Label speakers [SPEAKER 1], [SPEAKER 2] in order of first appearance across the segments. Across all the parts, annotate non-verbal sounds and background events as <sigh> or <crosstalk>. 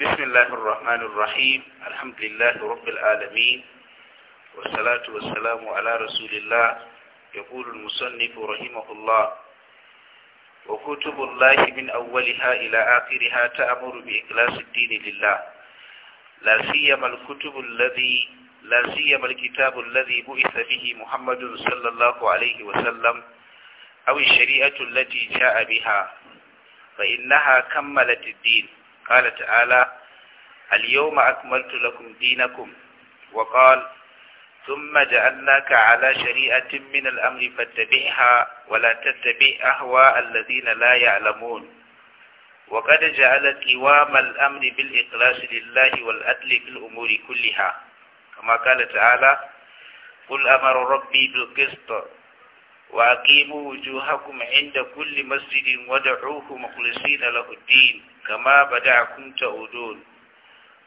[SPEAKER 1] بسم الله الرحمن الرحيم الحمد لله رب العالمين والصلاة والسلام على رسول الله يقول المصنف رحمه الله وكتب الله من أولها إلى آخرها تأمر بإخلاص الدين لله لا سيما الكتب الذي لا سيما الكتاب الذي بعث به محمد صلى الله عليه وسلم أو الشريعة التي جاء بها فإنها كملت الدين قال تعالى اليوم أكملت لكم دينكم وقال ثم جعلناك على شريعة من الأمر فاتبعها ولا تتبع أهواء الذين لا يعلمون وقد جعل قوام الأمر بالإخلاص لله والأدل في الأمور كلها كما قال تعالى قل أمر ربي بالقسط وأقيموا وجوهكم عند كل مسجد ودعوه مخلصين له الدين كما بدعكم تعودون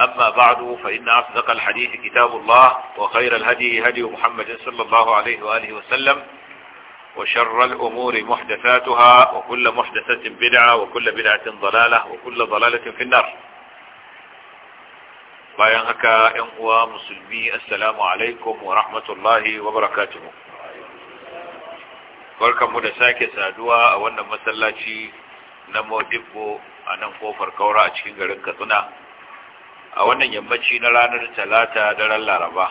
[SPEAKER 2] أما بعد فإن أصدق الحديث كتاب الله وخير الهدي هدي محمد صلى الله عليه وآله وسلم وشر الأمور محدثاتها وكل محدثة بدعة وكل بدعة ضلالة وكل ضلالة في النار bayan haka ‘yan uwa musulmi assalamu alaikum wa rahmatullahi wa barakatuhu
[SPEAKER 1] barkanmu da sake
[SPEAKER 2] saduwa a wannan masallaci na modibbo a nan kofar kaura a cikin garin katsina a wannan yammaci na ranar talata daren laraba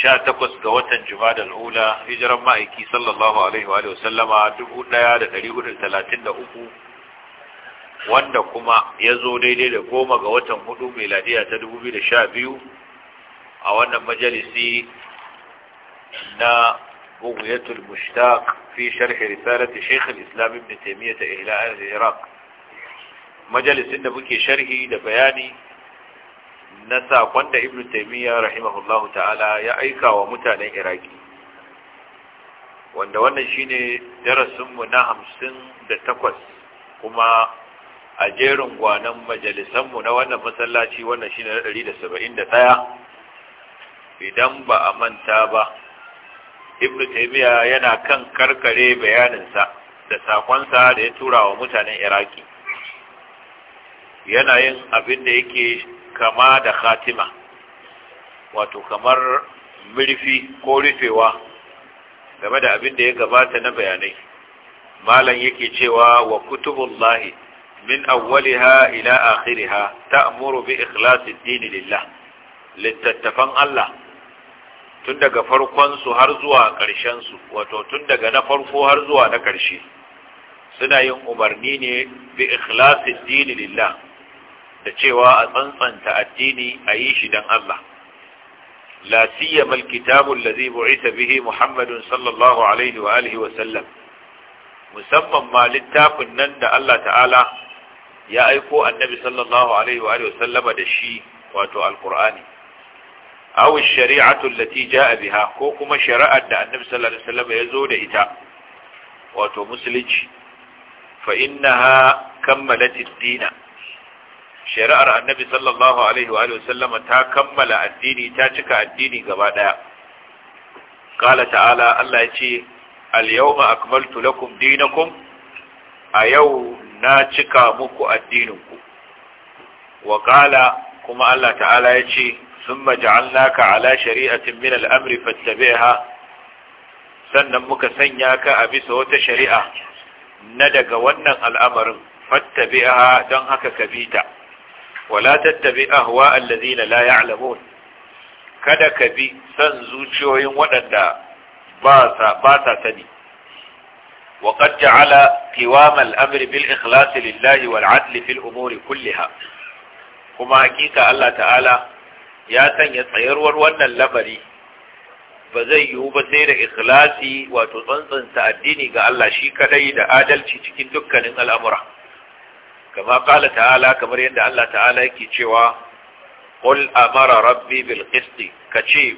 [SPEAKER 2] sha takwas ga watan jumada al'ula hijiran ma'aiki sallallahu alaihi wa sallama dubu ɗaya da dari hudu talatin da uku wanda kuma ya zo daidai da goma ga watan hudu meladiya ta dubu biyu da sha biyu a wannan majalisi na bugiyatul mushtaq fi sharhi risalati shaykh al-islam ibn ta ila al-iraq majalisin da muke sharhi da bayani na saƙon da ibn taimiyya rahimahullahu ta'ala ya aika wa mutanen iraki wanda wannan shine darasinmu na hamsin da takwas kuma a jerin gwanon majalisanmu na wannan masallaci wannan shine na ɗari da saba'in da ɗaya idan ba a manta ba ibn taimiyya yana kan karkare bayaninsa da saƙonsa da ya tura wa mutanen iraki yana yin abin da yake kama da khatima wato kamar mirfi ko rufewa game da abin da ya gabata na bayanai malam yake cewa wa kutubullahi min awwaliha ila akhiriha ta'muru bi ikhlasi ad lillah littattafan Allah tun daga farkon su har zuwa ƙarshen su wato tun daga na farko har zuwa na ƙarshe suna yin umarni ne bi ikhlasi ad lillah da cewa a tsantsanta addini a yi shi don Allah la siyama alkitabu allazi bu'itha bihi muhammadun sallallahu alaihi wa alihi wa sallam musamman ma littafin nan da Allah ta'ala ya aiko annabi sallallahu alaihi wa alihi wa sallama da shi wato alqur'ani awu shari'atun shariatu allati a biha ko kuma shari'ar da annabi sallallahu alaihi wa sallama ya zo da ita wato musulunci fa innaha kammalat ad-dina shari'ar annabi sallallahu alaihi wa sallama ta kammala addini ta cika addini gaba daya qala ta'ala Allah ya ce al-yawma akmaltu lakum dinakum a yau na cika muku addininku wa qala kuma Allah ta'ala ya ce thumma ja'alnaka ala shari'atin min al-amri fattabi'ha sannan muka sanya ka a bisa wata shari'a na daga wannan al'amarin fattabi'ha don haka ka bi ta wala tattabi ahwa allazina la ya'lamun kada ka bi san zuciyoyin waɗanda ba sa sani wa qad ja'ala qiwam bil ikhlas lillahi wal 'adl fil umuri kulliha kuma hakika Allah ta'ala ya sanya tsayarwar wannan lamari ba zai yiwu ba sai da ikhlasi wato tsantsanta addini ga Allah shi kadai da adalci cikin dukkanin al'amura kama kala ta'ala kamar yadda Allah ta'ala yake cewa qul amara rabbi bil kace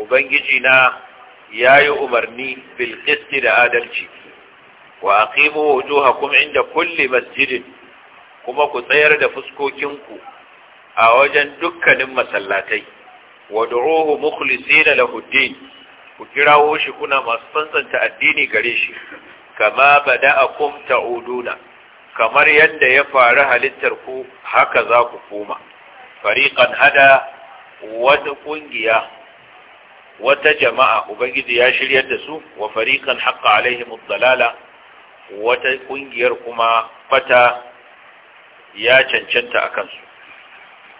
[SPEAKER 2] ubangiji na yayi umarni bil da adalci wa aqimu wujuhakum inda kulle masjidin kuma ku tsayar da fuskokinku a wajen dukkanin masallatai wad'uhu mukhlisina da din ku kirawo shi kuna masu tsantsanta addini gare shi kama kumta ta'uduna kamar yadda ya faru halittar ku haka za ku koma fariqan hada wata kungiya wata jama'a ubangiji ya shirya da su wa fariƙan haƙa alaihi ad wata kungiyar kuma fata ya cancanta a kansu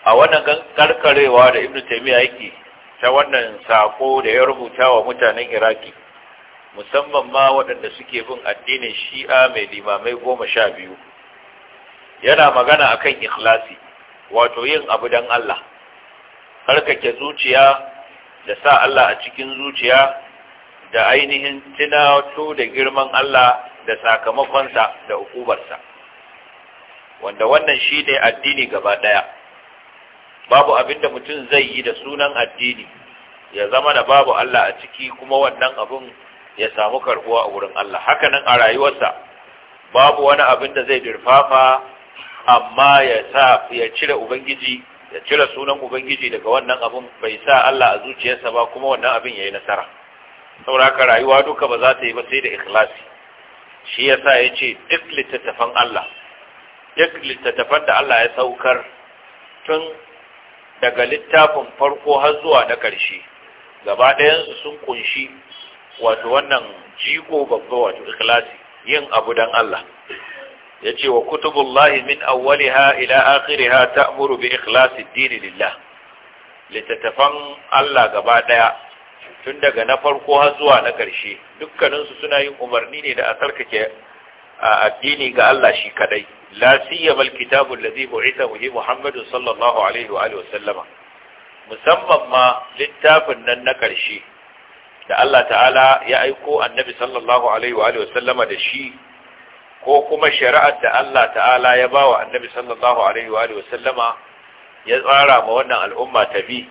[SPEAKER 2] a wannan karkarewa da ibnu taymiya yake ta wannan sako da ya rubuta wa mutanen iraki musamman ma waɗanda suke bin addinin shi'a mai limamai goma sha biyu yana magana a kan ikhlasi wato yin abu don Allah harkake zuciya da sa Allah a cikin zuciya da ainihin tunato da girman Allah da sakamakonsa da hukubarsa wanda wannan shi ne addini gaba ɗaya babu abinda mutum zai yi da sunan addini ya zama da babu Allah a ciki kuma wannan abin ya samu karbuwa a wurin Allah hakanan a rayuwarsa babu wani abin da zai dirfafa amma ya sa ya cire ubangiji ya cire sunan ubangiji daga wannan abin bai sa Allah a zuciyarsa ba kuma wannan abin yayi nasara sauraka rayuwa duka ba za ta yi ba sai da ikhlasi shi yasa yace duk littafan Allah duk littafan da Allah ya saukar tun daga littafin farko har zuwa na ƙarshe gaba ɗayansu sun kunshi wato wannan jiko babba wato ikhlasi yin abu dan Allah yace wa kutubullahi min awwaliha ila akhiriha ta bi ikhlasi ad-din lillah littattafan Allah gaba daya tun daga na farko har zuwa na ƙarshe dukkaninsu suna yin umarni ne da a tsarkake addini ga Allah shi kadai la siyyamal kitabul ladhi bu'itha bihi Muhammadu sallallahu alaihi wa alihi musamman ma littafin nan na ƙarshe da Allah ta'ala ya aiko annabi sallallahu alaihi wa sallama da shi ko kuma shari'ar da Allah ta'ala ya ba wa annabi sallallahu alaihi wa sallama ya tsara ma wannan al'umma ta bi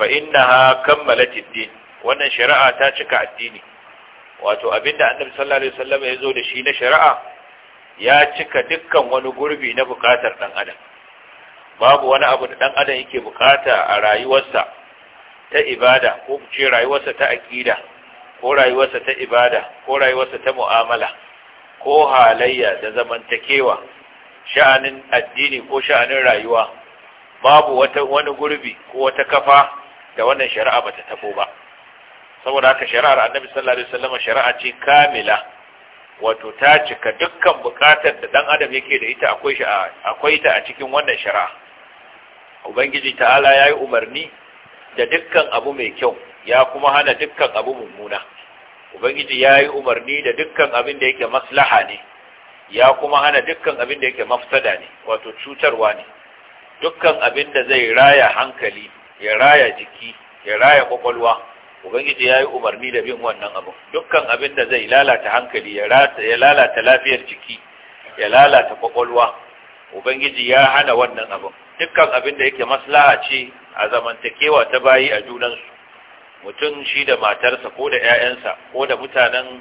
[SPEAKER 2] fa innaha kammalat ad-din wannan shari'a ta cika addini wato abinda annabi sallallahu alaihi wasallama ya zo da shi na shari'a ya cika dukkan wani gurbi na bukatar dan adam babu wani abu da dan adam yake bukata a rayuwarsa ta ibada ko ku ce rayuwarsa ta aƙida ko rayuwarsa ta ibada ko rayuwarsa ta mu'amala ko halayya da zamantakewa sha'anin addini ko sha'anin rayuwa babu wata wani gurbi ko wata kafa da wannan shari'a bata tafo ba saboda haka shari'ar Annabi sallallahu alaihi wasallam shari'a ce kamila wato ta cika dukkan bukatar da dan adam yake da ita akwai akwai ta a cikin wannan shari'a ubangiji ta'ala yi umarni da dukkan abu mai kyau ya kuma hana dukkan abu mummuna ubangiji ya yi umarni da dukkan abin da yake maslaha ne ya kuma hana dukkan abin da yake mafsada ne wato cutarwa ne dukkan abin da zai raya hankali ya raya jiki ya raya kwakwalwa ubangiji ya yi umarni da bin wannan abu dukkan abin da zai lalata hankali ya lalata lafiyar jiki ya lalata kwakwalwa ubangiji ya hana wannan abu dukkan abin da yake maslaha ce a zamantakewa ta bayi a junansu mutum shi da matarsa ko da 'ya'yansa ko da mutanen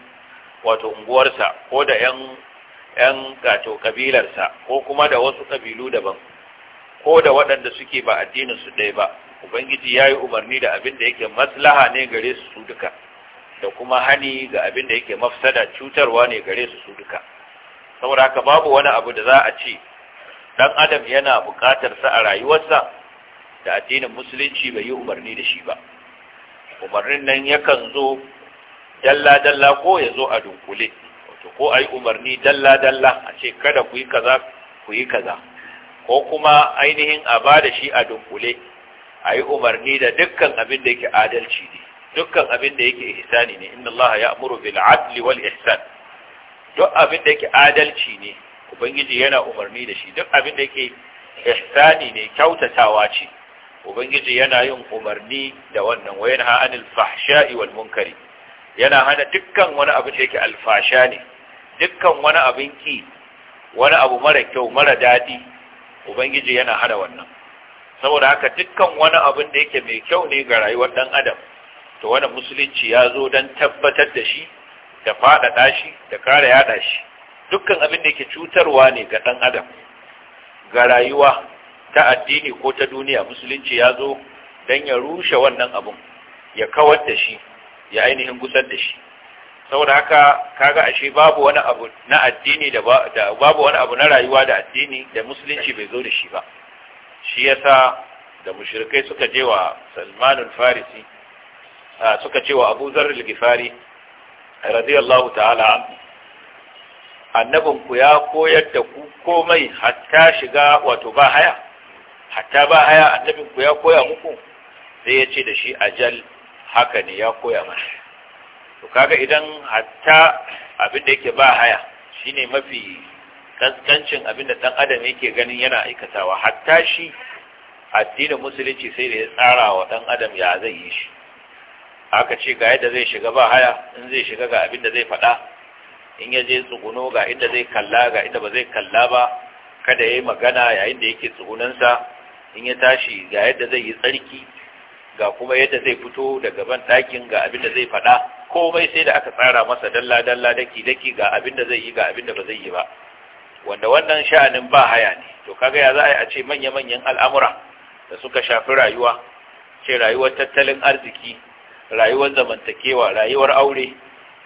[SPEAKER 2] wato unguwarsa ko da 'yan gato kabilarsa ko kuma da wasu kabilu daban ko da waɗanda suke ba addinin su ɗaya ba ubangiji ya yi umarni da abin da yake maslaha ne gare su su duka da kuma hani ga abin da yake mafsada cutarwa ne gare su su duka saboda haka babu wani abu da za a ce ɗan adam yana buƙatar sa a rayuwarsa da addinin musulunci bai yi umarni da shi ba umarnin nan yakan zo dalla-dalla ko ya zo a dunkule wato ko a yi umarni dalla-dalla a ce kada ku yi kaza ku yi kaza ko kuma ainihin a ba da shi a dunkule a yi umarni da dukkan abin da yake adalci ne dukkan abin da yake ihsani ne inna ya amuru bil adli wal ihsan duk abin da yake adalci ne ubangiji yana umarni da shi duk abin da yake ihsani ne kyautatawa ce ubangiji yana yin umarni da wannan wa yanha anil fahsha'i wal munkari yana hana dukkan wani abu da yake alfasha ne dukkan wani abin ki wani abu mara kyau mara dadi ubangiji yana hana wannan saboda haka dukkan wani abin da yake mai kyau ne ga rayuwar dan adam to wannan musulunci ya zo don tabbatar da shi da faɗaɗa shi da kare yaɗa shi dukkan abin da yake cutarwa ne ga ɗan adam ga rayuwa ta addini ko ta duniya musulunci ya zo don ya rushe wannan abun ya kawar da shi ya ainihin gusar da shi saboda haka kaga ashe babu wani abu na addini da babu wani abu na rayuwa da addini da musulunci bai zo da shi ba shi yasa da mushrikai suka je wa Salman farisi suka ce wa Abu Zar al-Ghifari radiyallahu ta'ala annabin ku ya koyar da ku komai hatta shiga wato ba haya hatta ba haya annabin ku ya koya muku sai ya ce da shi ajal haka ne ya koya mana to kaga idan hatta abin da yake ba haya shine mafi kaskancin abin da dan adam yake ganin yana aikatawa hatta shi addinin musulunci sai da ya tsara wa dan adam ya zai yi shi aka ce ga yadda zai shiga ba haya in zai shiga ga abin da zai faɗa in ya je tsuguno ga inda zai kalla ga inda ba zai kalla ba kada ya yi magana yayin da yake tsugunansa in ya tashi ga yadda zai yi tsarki ga kuma yadda zai fito da gaban ɗakin ga abin da zai faɗa komai sai da aka tsara masa dalla-dalla daki-daki ga abin da zai yi ga abin da ba zai yi ba wanda wannan sha'anin ba haya ne to kaga ya za a yi a ce manya-manyan al'amura da suka shafi rayuwa ce rayuwar tattalin arziki rayuwar zamantakewa rayuwar aure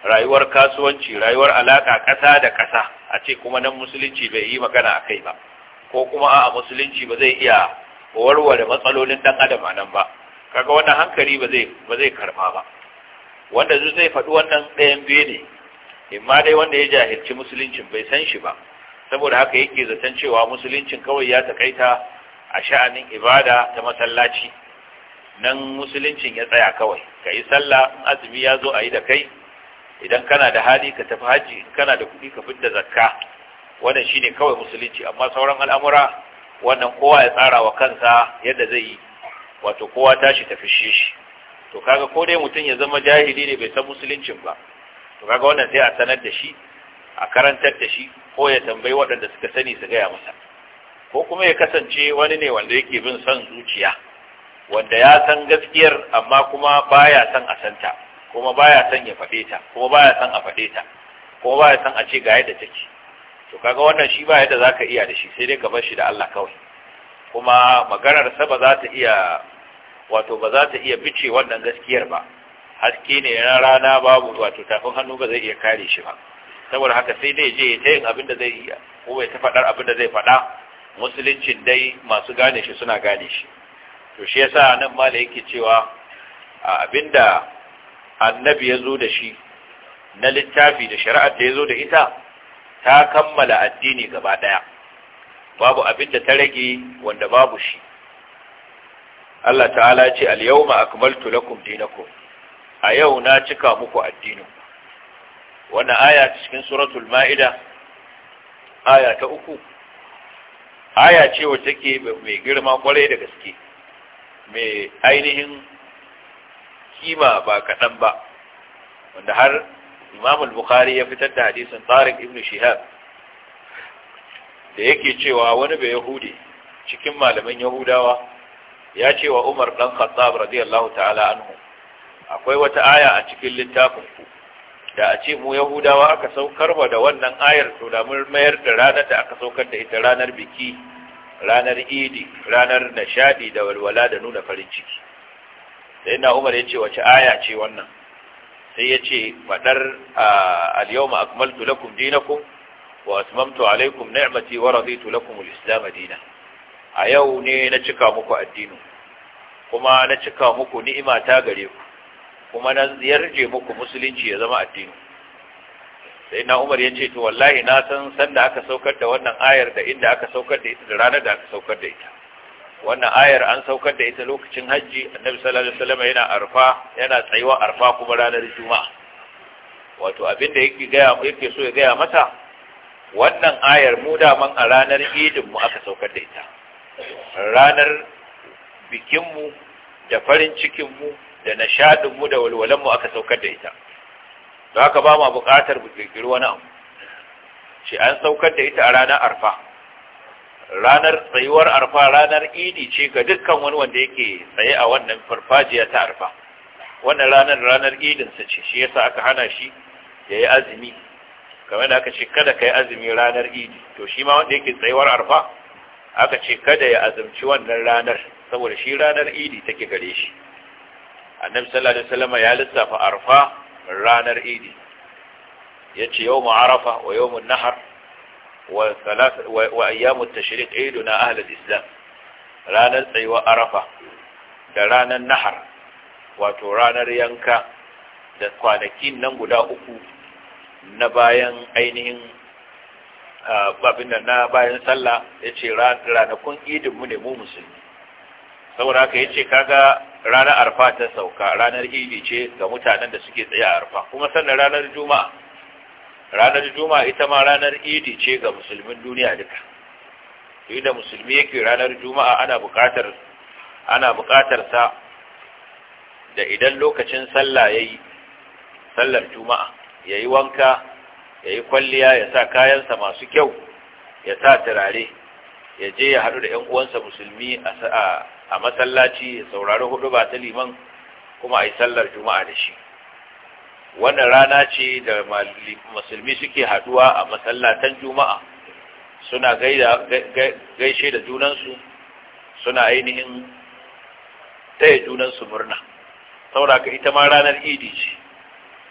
[SPEAKER 2] rayuwar kasuwanci rayuwar alaka ƙasa da ƙasa a ce kuma nan musulunci bai yi magana a kai ba ko kuma a musulunci ba zai iya warware matsalolin ɗan adam nan ba kaga wannan hankali ba zai ba zai karba ba wanda zai zai faɗi wannan ɗayan biyu ne imma dai wanda ya jahilci musuluncin bai san shi ba saboda haka yake zaton cewa musuluncin kawai ya takaita a sha'anin ibada ta masallaci nan musuluncin ya tsaya kawai ka yi sallah in azumi ya zo a yi da kai idan kana da hali ka tafi hajji, in kana da kuɗi ka fidda zakka wannan shine kawai musulunci amma sauran al'amura wannan kowa ya tsara wa kansa yadda zai yi wato kowa tashi tafi shi to kaga ko dai mutum ya zama jahili ne bai san musuluncin ba to kaga wannan sai a sanar da shi a karantar da shi ko ya tambayi waɗanda suka sani su gaya masa ko kuma ya kasance wani ne wanda yake bin son zuciya wanda ya san gaskiyar amma kuma baya son a santa kuma baya son ya faɗe ta kuma baya son a faɗe ta kuma baya son a ce ga yadda take to kaga wannan shi ba yadda zaka iya da shi sai dai ka bar shi da Allah kawai kuma maganar sa ba za ta iya wato ba za ta iya bice wannan gaskiyar ba haske ne na rana babu wato tafin hannu ba zai iya kare shi ba saboda haka sai dai je ta yin abin da zai iya ko ya ta faɗar abin da zai faɗa musuluncin dai masu gane shi suna gane shi to shi yasa nan mala yake cewa abinda annabi ya zo da shi na littafi da shari'ar da ya zo da ita ta kammala addini gaba ɗaya babu abin da ta rage wanda babu shi Allah ta'ala ce al-yawma akmaltu lakum dinakum a yau na cika muku addinin wannan aya cikin suratul ma'ida aya ta uku aya ce wacce take mai girma kwarai da gaske mai ainihin kima ba kaɗan ba wanda har imam al-bukhari ya fitar da hadisin tariq ibn shihab da yake cewa wani bai yahudi cikin malaman yahudawa ya ce wa umar dan khattab radiyallahu ta'ala anhu akwai wata aya a cikin littafin ku da a ce mu yahudawa aka saukar da wannan ayar to da mun mayar da ranar da aka saukar da ita ranar biki ranar idi ranar nishaɗi, da walwala da nuna farin ciki Sai na umar ya ce wace aya ce wannan sai ya ce faɗar al-yawma akmaltu lakum dinakum wa atmamtu alaikum ni'mati wa raditu lakum al-islam dinan a yau ne na cika muku addinin kuma na cika muku ni'ima ta gare ku kuma na yarje muku musulunci ya zama addini sai na Umar ya ce to wallahi na san sanda aka saukar da wannan ayar da inda aka saukar da ita da ranar da aka saukar da ita wannan ayar an saukar da ita lokacin hajji annabi sallallahu alaihi wasallam yana arfa yana tsayuwa arfa kuma ranar juma'a wato abin da yake gaya yake so ya gaya mata wannan ayar mu daman a ranar idin mu aka saukar da ita ranar bikin mu da farin cikin mu da nishadin mu da walwalan mu aka saukar da ita don haka ba mu buƙatar mu wani abu shi an saukar da ita a ranar arfa ranar tsayuwar arfa ranar idi ce ga dukkan wani wanda yake tsaye a wannan farfajiya ta arfa wannan ranar ranar idinsa ce shi yasa aka hana shi ya yi azumi kamar da aka ce kada ka yi azumi ranar idi to shi ma wanda yake tsayuwar arfa aka ce kada ya azumci wannan ranar saboda shi ranar idi take gare shi annabi sallallahu alaihi wasallam ya lissafa arfa ranar idi yace yawmu arafa wa yawmun nahar wa ayyamu tashriq aiduna ahlul islam ranar tsaiwa arafa da ranar nahar wato ranar yanka da kwanakin nan guda uku na bayan ainihin babin da na bayan sallah ya ce ranakun idinmu ne mu musulmi saboda haka ya ce kaga ranar arfa ta sauka ranar idi ce ga mutanen da suke tsaye a arfa kuma sannan ranar juma'a ranar juma'a ita ma ranar idi ce ga musulmin duniya duka duk musulmi yake ranar juma'a ana bukatar ana bukatar sa da idan lokacin sallah yayi sallar juma'a yayi wanka yayi kwalliya ya sa kayansa masu kyau ya sa turare ya je ya haɗu da ƴan uwansa musulmi a masallaci ya saurari hudu ba ta liman kuma a yi sallar juma'a da shi wannan rana ce da musulmi suke haduwa a masallatan juma'a suna gaishe da junansu suna ainihin taya junansu murna sauraka ita ma ranar idi ce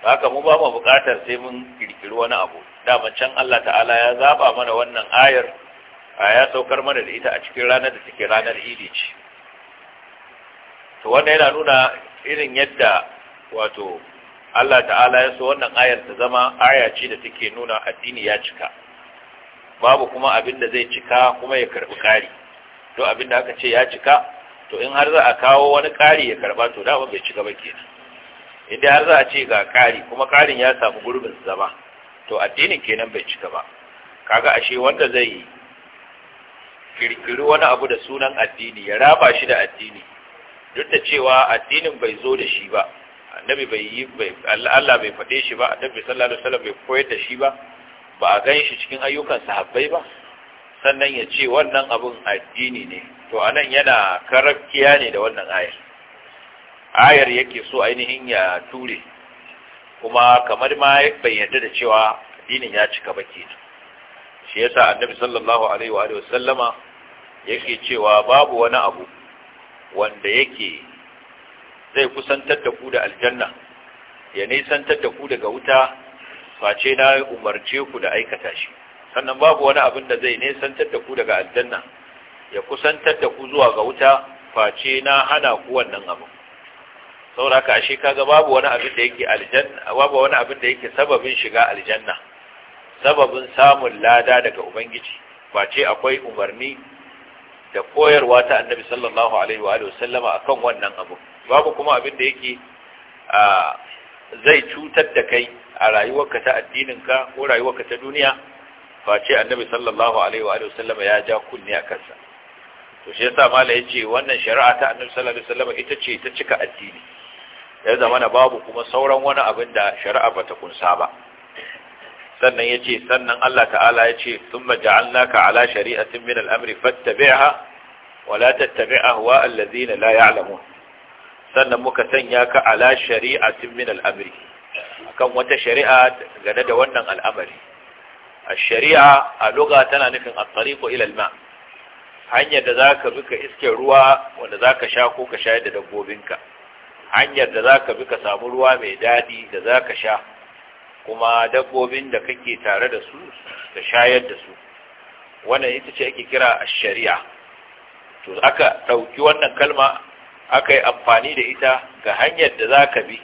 [SPEAKER 2] haka mu ba mu bukatar sai mun kirkiri wani abu daman can Allah ta'ala ya zaba mana wannan ayar a ya saukar mana da ita a cikin ranar da take ranar idi ce to wannan yana nuna irin yadda wato Allah ta'ala ya so wannan ayar ta zama aya ce da take nuna addini ya cika babu kuma abin da zai cika kuma ya karbi kari to abin da aka ce ya cika to in har za a kawo wani kari ya karba to dama bai cika ba kenan inda har za a ce ga kari kuma karin ya samu gurbin zama to addinin kenan bai cika ba kaga ashe wanda zai kirkiri wani abu da sunan addini ya raba shi da addini duk da cewa addinin bai zo da shi ba annabi bai yi Allah bai faɗe shi ba annabi sallallahu alaihi wasallam bai koyar da shi ba ba a gan shi cikin ayyukan sahabbai ba sannan ya ce wannan abun addini ne to anan yana karakkiya ne da wannan ayar ayar yake so ainihin ya ture kuma kamar ma bai yarda da cewa addinin ya cika ba shi yasa annabi sallallahu alaihi wa sallama yake cewa babu wani abu wanda yake zai kusantar da ku da aljanna ya nisantar da ku daga wuta face na umarce ku da aikata shi sannan babu wani abin da zai nisantar da ku daga aljanna ya kusantar da ku zuwa ga wuta face na hana ku wannan abin sauraka ashe kaga babu wani abin da yake aljanna babu wani abin da yake sababin shiga aljanna sababin samun lada daga ubangiji face akwai umarni da koyarwa ta annabi sallallahu alaihi wa sallama akan wannan abin babu kuma abin da yake zai cutar da kai a rayuwarka ta addininka ko rayuwarka ta duniya face annabi sallallahu alaihi wa sallama ya ja kunne a kansa to shi yasa mala wannan shari'a ta annabi sallallahu alaihi ita ce ta cika addini ya na babu kuma sauran wani abin da shari'a bata kunsa ba sannan yace sannan Allah ta'ala yace thumma ja'alnaka ala shari'atin min al-amri fattabi'ha wa la tattabi' ahwa allazina la ya'lamun sannan muka sanya ka ala shari'atin min al'amri akan wata shari'a gane da wannan al'amari a shari'a a luga tana nufin a ko ilalma hanyar da za ka bi ka iske ruwa wanda za ka sha ko ka shayar da dabbobinka hanyar da za ka bi ka samu ruwa mai daɗi da za ka sha kuma dabbobin da kake tare da su ka shayar da su wannan ita ce ake kira a shari'a to aka ɗauki wannan kalma aka yi amfani da ita ga hanyar da za ka bi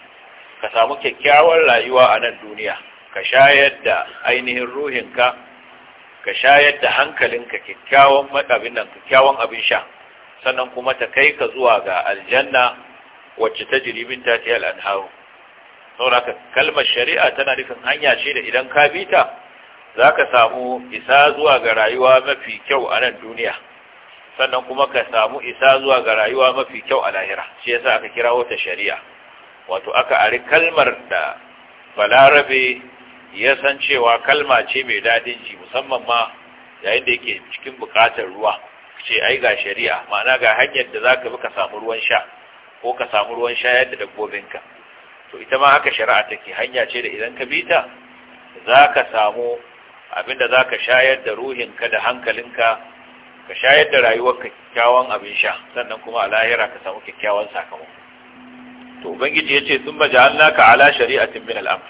[SPEAKER 2] ka samu kyakkyawar rayuwa a nan duniya ka shayar da ainihin ruhinka ka shayar da hankalinka kyakkyawan maɗabin nan kyakkyawan abin sha sannan kuma ta kai ka zuwa ga aljanna wacce ta jiribin ta ce al'adharu sauraka kalmar shari'a tana nufin hanya ce da idan ka bi ta za ka samu isa zuwa ga rayuwa mafi kyau a nan duniya sannan kuma ka samu isa zuwa ga rayuwa mafi kyau a lahira shi yasa aka kira wata shari'a wato aka ari kalmar da balarabe ya san cewa kalma ce mai dadin ji musamman ma yayin da yake cikin bukatar ruwa ce ai ga shari'a ma'ana ga hanyar da zaka bi ka samu ruwan sha ko ka samu ruwan sha yadda dabbobinka to ita ma haka shari'a take hanya ce da idan ka bi ta zaka samu abinda zaka shayar da ruhinka da hankalinka ka shayar da rayuwar kyakkyawan abin sha sannan kuma a lahira ka samu kyakkyawan sakamako to ubangiji ya ce sun baja annaka ala shari'atin min al'amr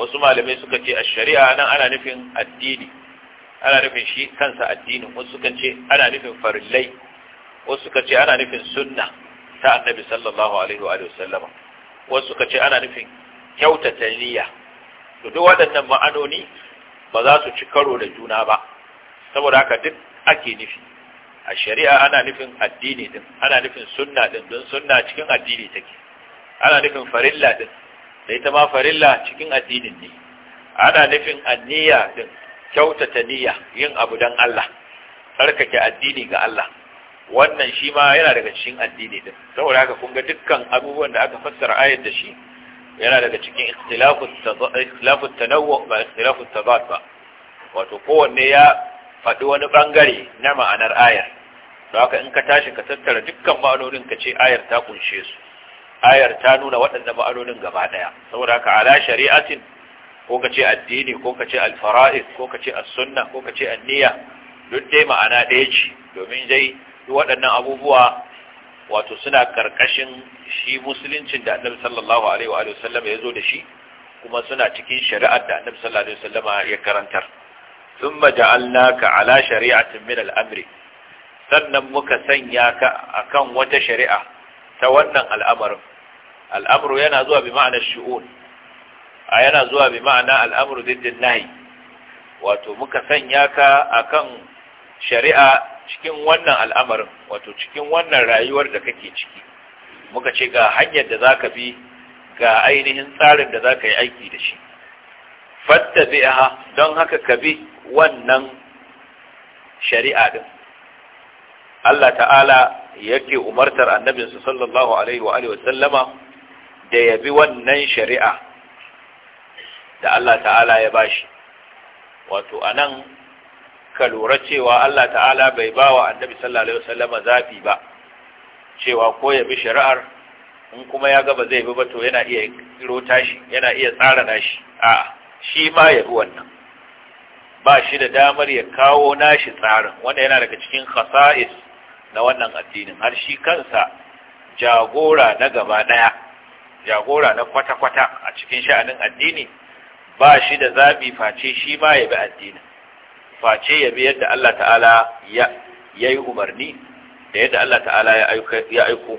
[SPEAKER 2] wasu malamai suka ce a shari'a nan ana nufin addini ana nufin shi kansa addinin wasu suka ce ana nufin farillai wasu suka ce ana nufin sunna ta annabi sallallahu alaihi wa sallama wasu suka ce ana nufin kyautata niyya to duk waɗannan ma'anoni ba za su ci karo da juna ba saboda haka duk ake nufi a shari'a ana nufin addini din ana nufin sunna din don sunna cikin addini take ana nufin farilla din da ita ma farilla cikin addinin ne ana nufin anniya din kyautata niyya yin abu don Allah tsarkake addini ga Allah wannan shi ma yana daga cikin addini din saboda haka kun ga dukkan abubuwan da aka fassara ayat da shi yana daga cikin ikhtilafu tanawwu ba ikhtilafu tadad ba wato kowanne ya faɗi wani ɓangare na ma'anar ayar da haka in ka tashi ka tattara dukkan ma'anonin ka ce ayar ta kunshe su ayar ta nuna waɗanda ma'anonin gaba ɗaya saboda haka ala shari'atin ko ka ce addini ko ka ce ko ka ce as-sunna ko ka ce duk dai ma'ana ɗaya ce domin dai duk waɗannan abubuwa wato suna karkashin shi musuluncin da annabi sallallahu alaihi wa sallam ya zo da shi kuma suna cikin shari'ar da annabi sallallahu alaihi wa sallama ya karantar thumma ja'alnaka ala shari'atin min al-amri sannan muka sanya ka akan wata shari'a ta wannan al'amarin al'amru yana zuwa bi ma'ana shu'un a yana zuwa diddin nahi wato muka sanya ka akan shari'a cikin wannan al'amarin wato cikin wannan rayuwar da kake ciki muka ce ga hanyar da za ka bi ga ainihin tsarin da za ka yi aiki da shi Fatta fattabi'aha don haka ka bi wannan shari'a din Allah ta'ala yake umartar annabinsa sallallahu alaihi wa alihi sallama da ya bi wannan shari'a da Allah ta'ala ya bashi wato anan ka lura cewa Allah ta'ala bai ba wa annabi sallallahu alaihi wa sallama, zafi ba cewa ko ya bi shari'ar in kuma ya ga ba zai bi ba to yana iya kiro tashi yana iya tsara nashi a'a shi ma ya bi wannan ba shi da damar ya kawo nashi tsarin wanda yana daga cikin khasa'is na wannan addinin har shi kansa jagora na gaba daya jagora na kwata-kwata a cikin sha'anin addini ba shi da zabi face shi ma ya bi addinin face ya bi yadda Allah ta'ala ya yi umarni da yadda Allah ta'ala ya aiko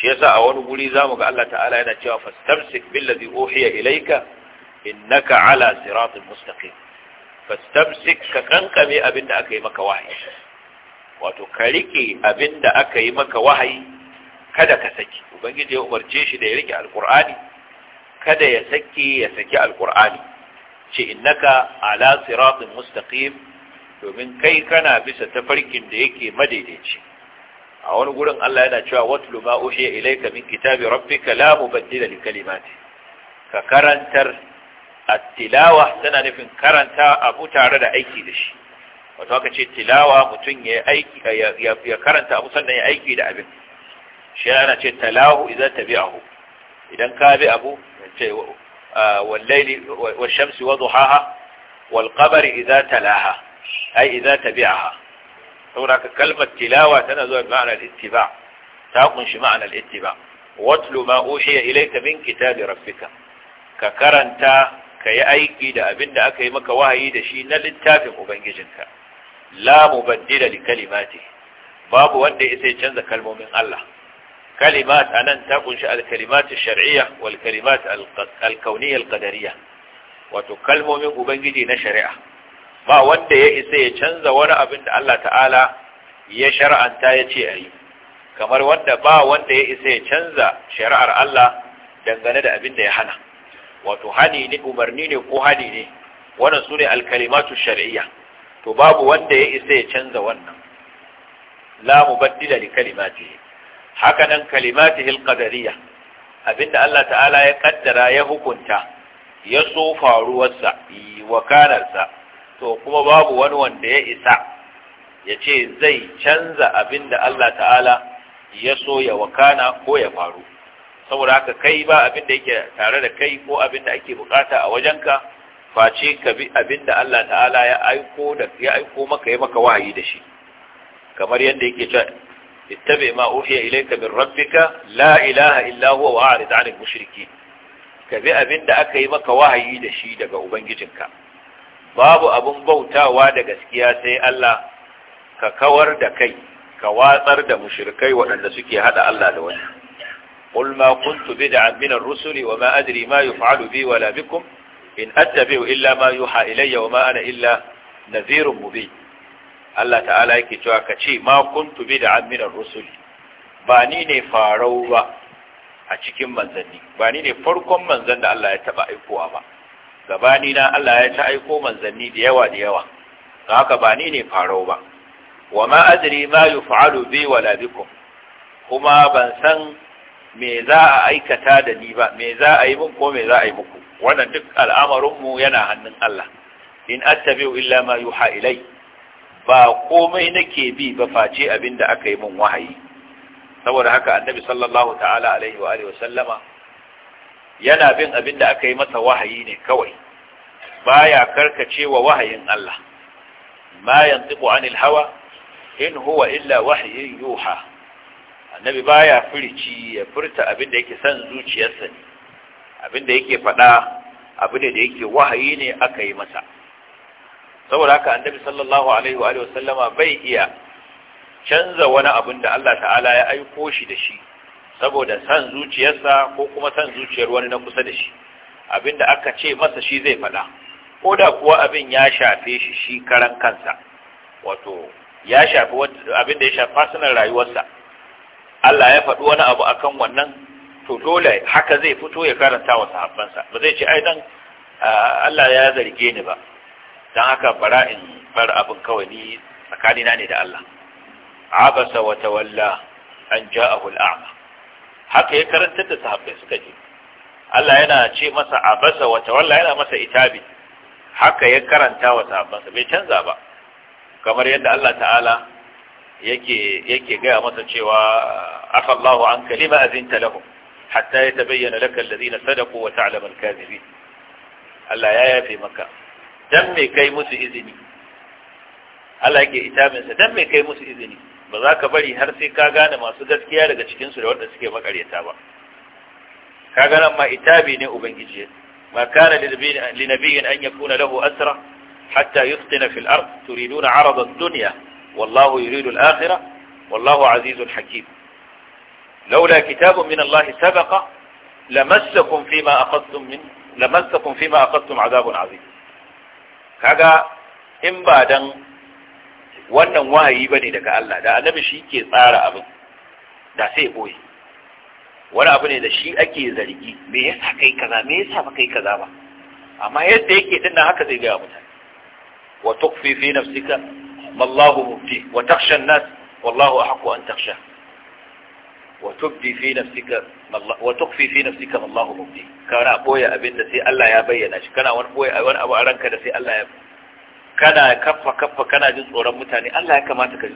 [SPEAKER 2] shi yasa a wani guri zamu ga Allah ta'ala yana cewa fastamsik billazi uhiya ilayka innaka ala siratin mustaqim fastamsik ka kankame abinda aka yi maka wahayi wato ka rike abinda aka yi maka wahayi kada ka saki ubangiji ya umarce shi da ya rike alqur'ani kada ya saki ya saki alqur'ani ce innaka ala siratin mustaqim domin kai kana bisa tafarkin da yake madaidaici a wani gurin Allah yana cewa watlu ma ilai ilayka min kitabi rabbika la mubaddila li kalimati ka karantar at-tilawa tana nufin karanta abu tare da aiki da shi wato aka ce tilawa mutum ya aiki ya karanta abu sannan ya aiki da abin shi ana ce talahu idza tabi'ahu idan ka bi abu ce wallaili washamsi wadhuhaha wal qamari idan talaha ai idza tabi'aha saboda ka kalmar tilawa tana zuwa al ittiba ta kunshi al ittiba watlu ma ushiya ilayka min kitabi rabbika ka karanta ka yi aiki da abin da aka yi maka wahayi da shi na littafin ubangijinka la mubaddila li kalimati babu wanda ya sai canza kalmomin Allah a nan ta kunshi al-kalimat ash wal kalimat al al wato kalmomin ubangiji na shari'a ba wanda ya isa ya canza wani abin da Allah ta'ala ya shar'anta ya ce ayi kamar wanda ba wanda ya isa ya canza shari'ar Allah dangane da abin da ya hana wato hani ne umarni ne ko hani ne wannan sune al-kalimatu shar'iyya to babu wanda ya isa ya canza wannan la mubaddila li kalimatihi haka nan kalimati al-qadariyya abinda Allah ta'ala ya kaddara ya hukunta ya so faruwarsa wakanarsa to kuma babu wani wanda ya isa ya ce zai canza abinda Allah ta'ala ya so ya wakana ko ya faru saboda haka kai ba abin da yake tare da kai ko abin da ake bukata a wajenka face ka bi abin da Allah ta'ala ya aiko da ya aiko maka ya maka wahayi da shi kamar yadda yake cewa ittabi ma uhiya ilayka min rabbika la ilaha illa huwa wa a'rid 'anil mushrikeen ka bi abin da aka yi maka wahayi da shi daga ubangijinka babu abin bautawa da gaskiya sai Allah ka kawar da kai ka watsar da mushrikai waɗanda suke hada Allah da wani قل ما كنت بدعا من الرسل وما أدري ما يفعل بي ولا بكم إن أتبع إلا ما يوحى إلي وما أنا إلا نذير مبين Allah ta'ala yake cewa ka ce ma kuntu bid'an min ar-rusul ba ni ne farau ba a cikin manzanni ba ni ne farkon manzan da Allah ya taba aikowa ba gabani na Allah ya ta aiko manzanni da yawa da yawa haka ba ni ne farau ba wa bi wala bikum kuma ban san me za a aikata da ni ba me za a yi min ko me za a yi muku wannan duk al'amarinmu yana hannun Allah in attabi'u illa ma yuha ilai ba komai nake bi ba face abin da aka yi min wahayi saboda haka annabi sallallahu ta'ala alaihi wa alihi wa sallama yana bin abin da aka yi masa wahayi ne kawai baya karkacewa wahayin Allah ma yantiqu anil hawa in huwa illa wahyin yuha annabi baya furici ya furta abin da yake san zuciyarsa ne abin da yake faɗa abin da yake wahayi ne aka yi masa saboda haka annabi sallallahu alaihi wa sallama bai iya canza wani abin da Allah ta'ala ya aiko shi da shi saboda san zuciyarsa ko kuma san zuciyar wani na kusa da shi abin da aka ce masa shi zai faɗa ko da kuwa abin ya shafe shi shi karan kansa wato ya shafi abin da ya shafi fasinan rayuwarsa Allah ya faɗi wani abu a kan wannan to dole haka zai fito ya karanta wa sahabbansa ba zai ce ai Allah ya zarge ni ba Don haka bara in bar abin kawai ni tsakanina ne da Allah abasa wa tawalla an ja'ahu al'ama haka ya karanta da sahabbai suka ji Allah yana ce masa abasa wa tawalla yana masa itabi haka ya karanta wa sahabbansa bai canza ba kamar yadda Allah ta'ala yake yake gaya masa cewa afallahu an kalima azinta lahum hatta yatabayyana laka alladhina sadaqu wa ta'lamu al-kadhibin Allah ya yafe maka dan me kai musu izini Allah yake itamin sa dan me kai musu izini ba za ka bari har sai ka gane masu gaskiya daga cikin su da wanda suke makaryata ba ka ga nan ma itabi ne ubangiji ma kana linabiyin an yakuna lahu asra hatta yuthqina fil ard turiduna arada ad-dunya wallahu yuridu al-akhirah wallahu azizun hakim laula kitabun min Allah sabaqa lamassakum fima aqadtum min lamassakum fima aqadtum in ba dan wannan wahayi bane daga Allah da annabi shi ke tsara abin da sai boye wani abu da shi ake zargi me yasa kai kaza me yasa ba kai kaza ba amma yadda yake din haka zai ga mutane wa nafsika mallahu mubdi wa nas wallahu ahqqu an takhsha wa nafsika mallahu mubdi kana boye abin sai Allah ya bayyana kana wani boye a ranka da sai Allah ya kana kana jin tsoron mutane Allah ya kamata ka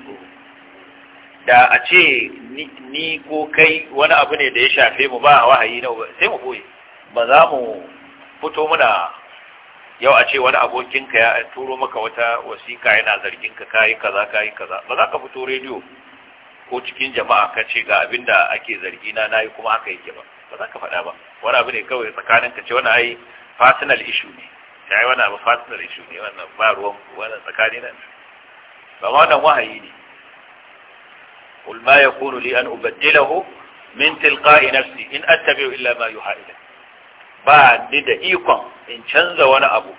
[SPEAKER 2] da a ce ni ko kai wani abu ne da ya shafe mu ba wahayi na sai mu boye ba za mu fito muna yau a ce wani abokinka ya turo maka wata wasiƙa yana zarginka kayi kaza kayi kaza ba za ka fito rediyo ko cikin jama'a ka ce ga abin da ake zargina na yi kuma haka yake ba ba za ka faɗa ba wani abu ne kawai tsakanin ka ce wani ai personal issue ne ta yi wani abu personal issue ne wannan ba ruwan wannan tsakani nan ba ma wannan wahayi ne قل ما يكون لي أن أبدله من تلقاء نفسي إن أتبع إلا ما يوحى إلي ba ni da ikon in canza wani abu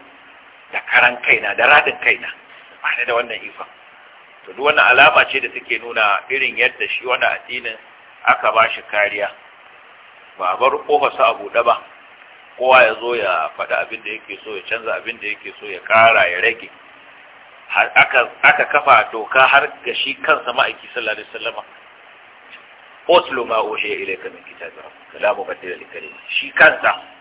[SPEAKER 2] da karan kaina da radin kaina ba da wannan ifan. to duk wannan alama ce da take nuna irin yadda shi wani addinin aka ba shi kariya ba a bar kofa sa abu da ba kowa ya zo ya faɗi abin da yake so ya canza abin da yake so ya ƙara ya rage aka kafa doka har ga shi kansa ma'aiki sallallahu alaihi wasallama otlu ma uhiya ilayka min kitabi kalamu la mubaddila shi kansa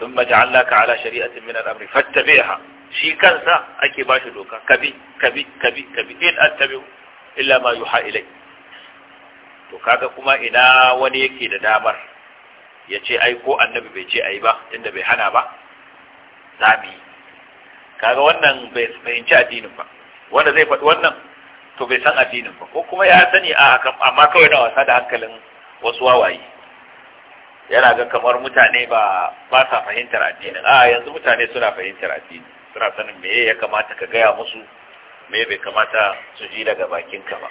[SPEAKER 2] ثم جعلناك على شريعة من الأمر فاتبعها shi kansa ake ba shi doka kabi kabi kabi kabi in attabi'u illa ma yuha ilai to kaga kuma ina wani yake da damar ya ce ai ko annabi bai ce ai ba tunda bai hana ba zabi kaga wannan bai fahimci addinin ba wanda zai faɗi wannan to bai san addinin ba ko kuma ya sani a amma kawai na wasa da hankalin wasu wawaye yana ga kamar mutane ba ba sa fahimtar addinin a yanzu mutane suna fahimtar addini suna sanin me ya kamata ka gaya musu me bai kamata su ji daga bakinka ba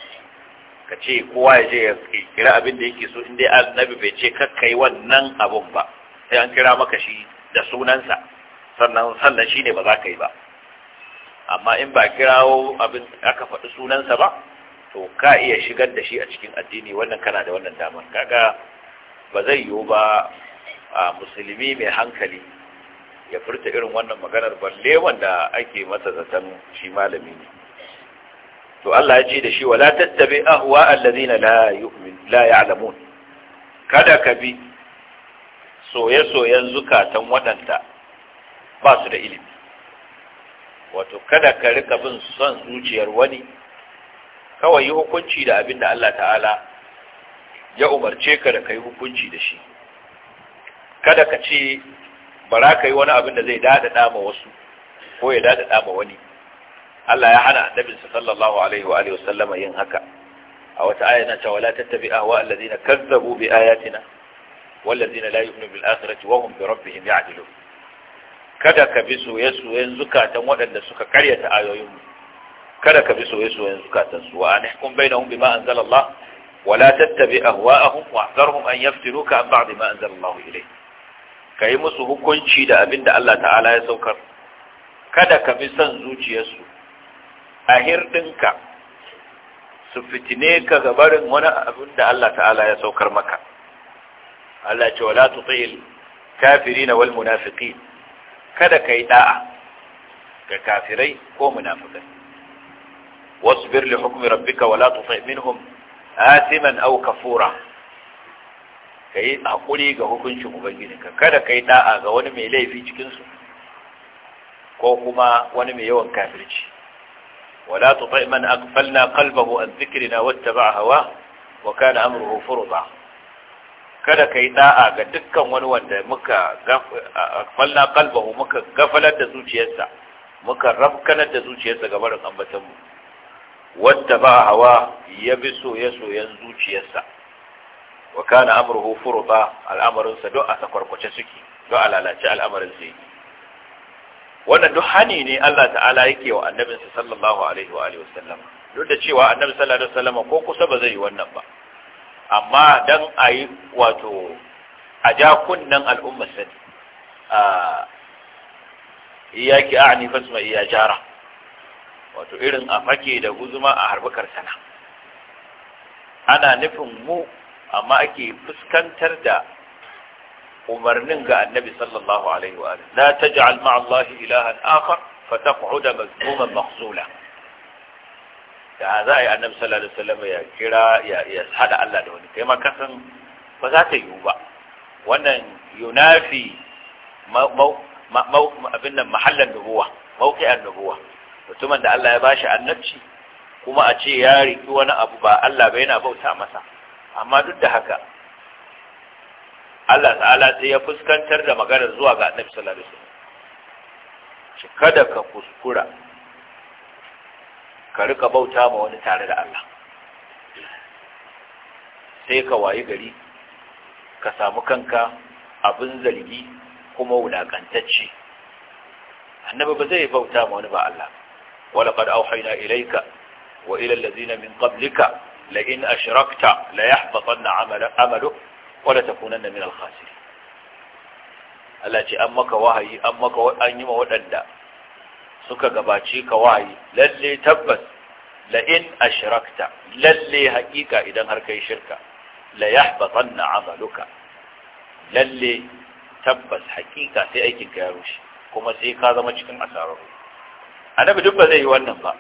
[SPEAKER 2] ka ce kowa ya je ya kira abin da yake so inda annabi bai ce yi wannan abun ba sai an kira maka shi da sunansa sannan sannan ne ba za ka yi ba amma in ba kirawo abin aka faɗi sunansa ba to ka iya shigar da shi a cikin addini wannan kana da wannan damar kaga ba zai yiwu ba a musulmi mai hankali ya furta irin wannan maganar balle wanda ake masa zaton shi malami ne to Allah ya ce da shi wala tattabi ahwa allazina la yu'min la ya'lamun kada ka bi soye-soyen zukatan waɗanda ba su da ilimi wato kada ka rika bin son zuciyar wani kawai yi hukunci da abinda Allah ta'ala ya umarce ka da kai hukunci da shi kada ka ce bara ka yi wani abin da zai daɗaɗa ma wasu ko ya daɗaɗa ma wani Allah ya hana annabinsa sallallahu alaihi wa alihi wasallama yin haka a wata aya na cewa la tattabi ahwa allazina kazzabu bi ayatina wallazina la yu'minu bil akhirati wa hum bi rabbihim ya'dilun kada ka bi soye-soyen zukatan waɗanda suka karyata ayoyin kada ka bi soye-soyen zukatan su wa anihkum bainahum bima anzalallah wala tattabi ahwa'ahum wahzarhum an yaftinuka an ba'd ma anzalallahu ilayk kai musu hukunci da abinda Allah ta'ala ya saukar kada ka bi son zuciyarsu a hirdinka su fitine ka ga barin wani abin da Allah ta'ala ya saukar maka Allah ce wala tuti'il kafirina wal munafiqin kada kai da'a ga kafirai ko rabbika wala asiman aw kafura kai hakuri ga hukuncin ubangijinka kada kai da'a ga wani mai laifi cikin su ko kuma wani mai yawan kafirci wala tuta man aqfalna qalbahu an dhikrina wattaba'a hawa wa kana amruhu furda kada kai da'a ga dukkan wani wanda muka aqfalna qalbahu muka gafalar da zuciyarsa muka rafkanar da zuciyarsa ga barin ambatanmu wadda ba hawa ya bi soye-soyen zuciyarsa wa kana amurhu ba al'amarinsa don a sakwarkwace suke don a lalace al'amarin yi wannan duk hani ne Allah ta'ala yake wa annabinsa sallallahu alaihi wa alihi wasallam duk da cewa annabi sallallahu alaihi wasallam ko kusa ba zai yi wannan ba amma dan ayi wato a ja kunnan al'ummar sani a ah, iyaki a'ni fasma iya jara wato irin a fake da guzuma a harbukar sana ana nufin mu amma ake fuskantar da umarnin ga annabi sallallahu alaihi wa la taj'al ma'a allahi ilahan akhar fa taq'uda mazmuman mahzula da za a yi annabi sallallahu alaihi wasallam ya kira ya hada Allah da wani taimaka san ba za ta yiwu ba wannan yunafi abin nan mahallan nubuwa mawqi'an nubuwa mutumin da Allah ya bashi annabci kuma a ce ya riki wani abu ba Allah ba yana bauta masa amma duk da haka Allah ta'ala sai ya fuskantar da maganar zuwa ga annabi sallallahu alaihi wasallam kada ka kuskura ka rika bauta ma wani tare da Allah sai ka wayi gari ka samu kanka abin zargi kuma wulakantacce annabi ba zai bauta ma wani ba Allah ba ولقد أوحينا إليك وإلى الذين من قبلك لئن أشركت ليحبطن عمل عملك ولتكونن من الخاسرين Allah ce an maka wahayi an maka an yi ma waɗanda suka gabace ka wahayi lalle tabbas la in ashrakta lalle haƙiƙa idan har kai shirka la yahbatanna amaluka lalle tabbas haƙiƙa sai aikin ya kuma sai ka zama cikin asararru annabi duk ba zai yi wannan ba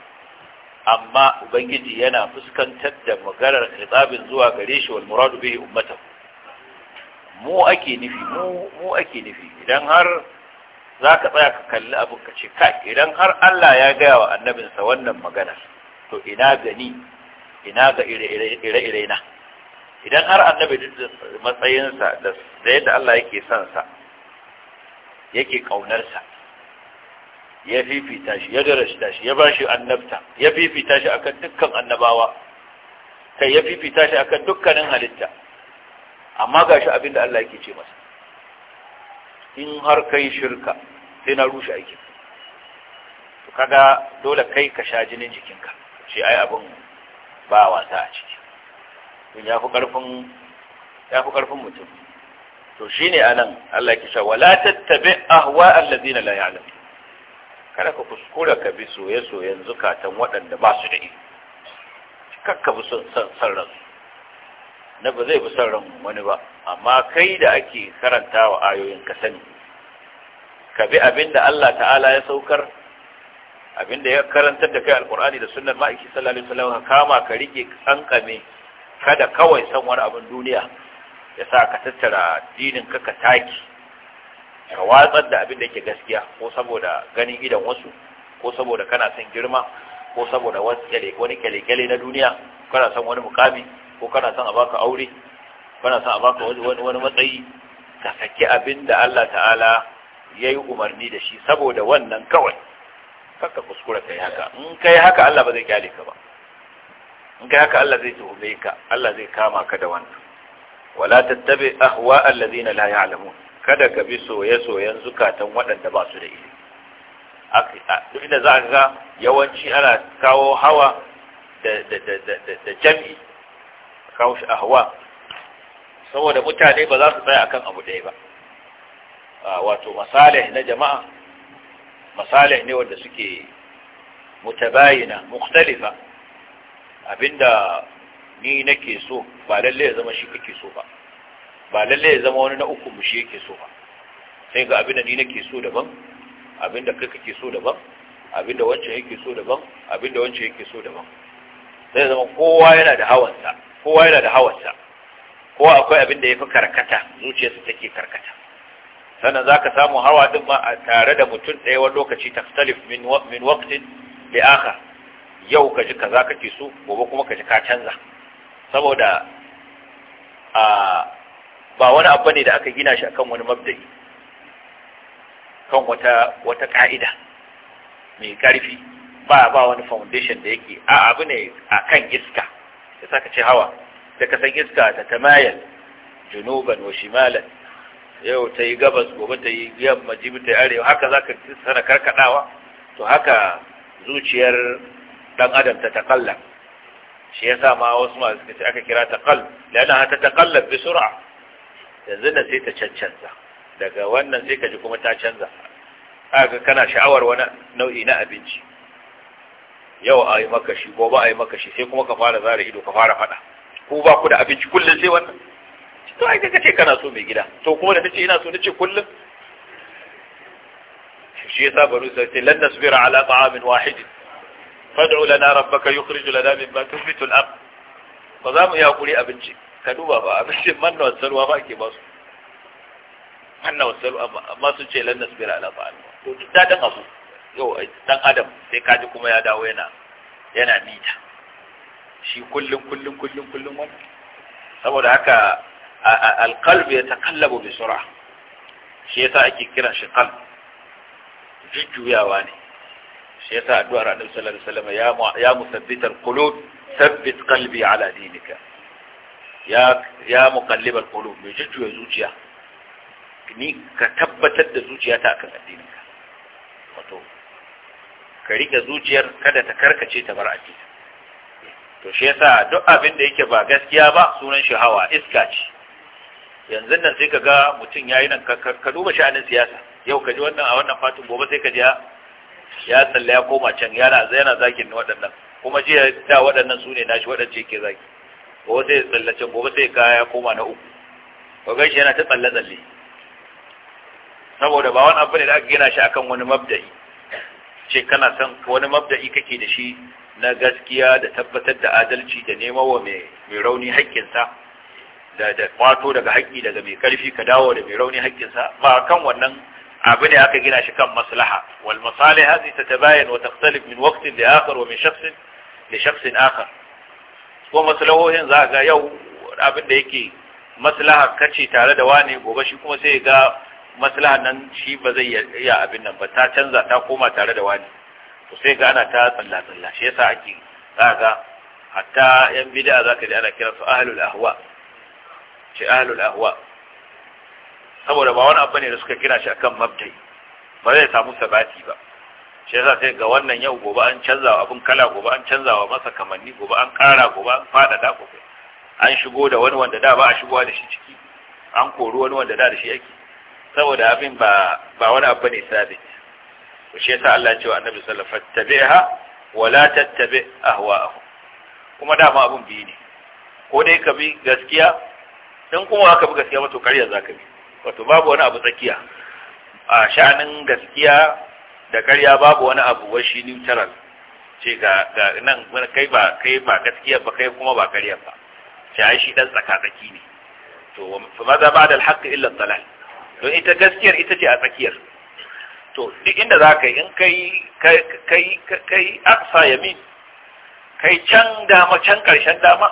[SPEAKER 2] amma ubangiji yana fuskantar da maganar khitabin zuwa gare shi wal muradu bihi ummatahu mu ake nufi mu mu ake nufi idan har zaka tsaya ka kalli abin ka ce kai idan har Allah ya gaya wa annabinsa wannan magana to ina gani ina ga ire-ire na idan har annabi duk matsayinsa da yadda Allah yake son sa yake kaunar sa ya fifita shi ya darasta shi ya bashi annabta ya fifita shi akan dukkan annabawa kai ya fifita shi akan dukkanin halitta amma gashi abin da Allah yake ce masa in har kai shirka sai na rushe aikin to kaga dole kai ka sha jinin jikinka shi ai abin ba wasa a ciki don ya fi karfin ya fi karfin mutum to shine anan Allah yake cewa wala tattabi ahwa allazina la ya'lamun kada ka kuskura ka bi soye-soyen zukatan waɗanda ba su da ilimi kakka bi son ransu na ba zai bi son ran wani ba amma kai da ake karanta wa ayoyin ka sani ka bi abin da Allah ta'ala ya saukar abin da ya karantar da kai alkur'ani da sunan ma'aiki sallallahu alaihi wasallam ka kama ka rike kankame kada kawai san wani abin duniya ya sa ka tattara dinin ka ka taki ka watsar da abin da yake gaskiya ko saboda ganin idan wasu ko saboda kana son girma ko saboda wani kyalekyale na duniya kana son wani mukami ko kana son a baka aure kana son a baka wani matsayi ka saki abin da Allah ta'ala ya yi umarni da shi saboda wannan kawai kakka kuskura ka yi haka in ka yi haka Allah ba zai kyale ka ba in ka yi haka Allah zai tuhume ka Allah zai kama ka da wannan wala tattabi ahwa allazina la ya'lamun kada ka bi soye-soyen zukatan waɗanda ba su da ilimi duk da za ga yawanci ana kawo hawa da jam'i kawo shi a hawa saboda mutane ba za su tsaya akan abu ɗaya ba wato masalih na jama'a masalih ne wanda suke mutabayina muktalifa abinda ni nake so ba lallai ya zama shi kake so ba ba lalle ya zama wani na uku mu shi yake so ba sai ga abin da ni nake so daban abin da kai kake so daban abin da wancan yake so daban abin da wancan yake so daban sai zama kowa yana da hawansa kowa yana da hawansa kowa akwai abin da ya fi karkata zuciyarsa take karkata sannan za ka samu hawa din ma a tare da mutum ɗaya wani lokaci taftalif min waqtin da aka yau ka ji ka za kake so gobe kuma ka ji ka canza saboda a ba wani abu ne da aka gina shi akan wani mabda'i kan wata wata ka'ida mai karfi ba ba wani foundation da yake a abu ne akan iska ya saka ce hawa da ka san iska ta tamayal junuban wa shimalan yau ta yi gabas gobe ta yi yamma jibi ta arewa haka za ka sana karkadawa to haka zuciyar dan adam ta takalla shi ya sa ma wasu masu aka kira takal lana ta takalla bi sur'a yanzu nan sai ta cancanza daga wannan sai ka ji kuma ta canza aka kana sha'awar wani nau'i na abinci yau a yi maka shi gobe a yi maka shi sai kuma ka fara zara ido ka fara faɗa ko ba ku da abinci kullum sai wannan to ai ka ce kana so mai gida to kuma da nace ina so nace kullum shi yasa baro sai ce lan nasbira ala ta'amin wahid fad'u lana rabbaka yukhrij lana mimma tunbitu al-ard ba za mu yi hakuri abinci ka duba ba abincin <laughs> manna wasarwa ba ke ba su manna wasarwa ba su ce lannas bira ala fa'al to duk daɗin abu yau dan adam sai kaji kuma ya dawo yana yana mita shi kullum kullum kullum kullum wani saboda haka alqalb ya takallabu bi sur'a shi yasa ake kiran shi qalb jujjuyawa ne shi yasa addu'ar annabi sallallahu alaihi wasallam ya ya musabbital qulub thabbit qalbi ala dinika ya mukallibar muqallibal mai jujjuya zuciya ni ka tabbatar da zuciyata akan addininka wato ka riƙe zuciyar kada ta karkace ta bar addini to shi yasa duk abin da yake ba gaskiya ba sunan shi hawa iska ce yanzu nan sai ka ga mutum ya yi nan ka duba sha'anin siyasa yau ka ji wannan a wannan fatin gobe sai ka ji ya tsalle ya koma can yana yana zagin waɗannan kuma jiya da waɗannan su ne nashi waɗance ke zaki. ko zai tsallace gobe sai kaya koma na uku ko shi yana ta tsalle tsalle saboda ba wani abu ne da aka gina shi akan wani mabda'i ce kana san wani mabda'i kake da shi na gaskiya da tabbatar da adalci da nema wa mai rauni haƙƙinsa da da kwato daga haƙƙi daga mai ƙarfi ka dawo da mai rauni haƙƙinsa ba kan wannan abu ne aka gina shi kan maslaha wal masalih hadhihi tatabayan wa takhtalif min waqtin li akhar wa min shakhsin li shakhsin akhar ko maslahohin za ga yau abin da yake maslaha kace tare da wani gobe shi kuma sai ga maslaha nan shi ba zai iya abin nan ba ta canza ta koma tare da wani to sai ga ana ta tsalla tsalla shi yasa ake za ga hatta yan bid'a zaka ji ana su ahlul ahwa shi ahlul ahwa saboda ba wani abu ne da suka kira shi akan mabdai ba zai samu sabati ba shi yasa sai ga wannan yau gobe an canza wa abin kala gobe an canza wa masa kamanni gobe an ƙara gobe an faɗaɗa gobe an shigo da wani wanda da ba a shigowa da shi ciki an kori wani wanda da da shi yake saboda abin ba ba wani abu ne sabit to shi yasa Allah ya ce wa Annabi sallallahu alaihi wasallam fattabi'ha wa la tattabi' ahwa'ahum kuma da ma abin biyu ne ko dai ka bi gaskiya dan kuma aka bi gaskiya ba to kariya zaka bi wato babu wani abu tsakiya a sha'anin gaskiya da ƙarya babu wani abu wai shi neutral ce ga nan kai ba kai ba gaskiya ba kai kuma ba ƙarya ba ce ai shi dan tsakatsaki ne to fa maza ba da alhaq illa dalal don ita gaskiyar ita ce a tsakiyar to duk inda za ka in kai kai kai aqsa yamin kai can dama can ƙarshen dama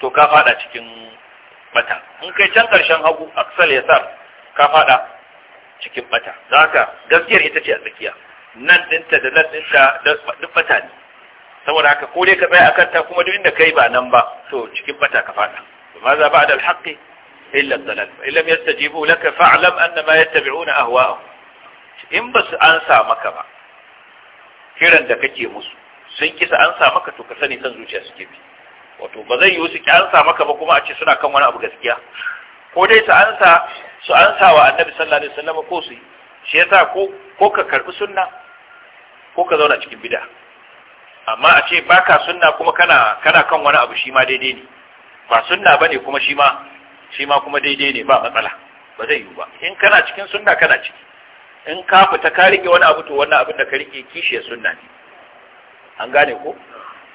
[SPEAKER 2] to ka fada cikin bata in kai can ƙarshen hagu aqsal yasar ka fada cikin bata Za ka gaskiyar ita ce a tsakiya nan dinta da nan dinta duk bata ne saboda haka ko dai ka tsaya akan ta kuma duk inda kai ba nan ba to cikin bata ka fada ma za ba'da al-haqqi illa ad-dalal in lam yastajibu laka fa'lam anna ma yattabi'una ahwa'ahum in ba su ansa maka ba kiran da kake musu sun kisa ansa maka to ka sani kan zuciya suke bi wato ba zai yi su ki ansa maka ba kuma a ce suna kan wani abu gaskiya ko dai su ansa su an sawa annabi sallallahu alaihi wasallam ko su yi shi yasa ko ko ka karbi sunna ko ka zauna cikin bid'a amma a ce baka sunna kuma kana kana kan wani abu shi ma daidai ne ba sunna bane kuma shi ma shi ma kuma daidai ne ba matsala ba zai yiwu ba in kana cikin sunna kana ciki in ka fita ka rike wani abu to wannan abin da ka rike kishiyar sunna ne an gane ko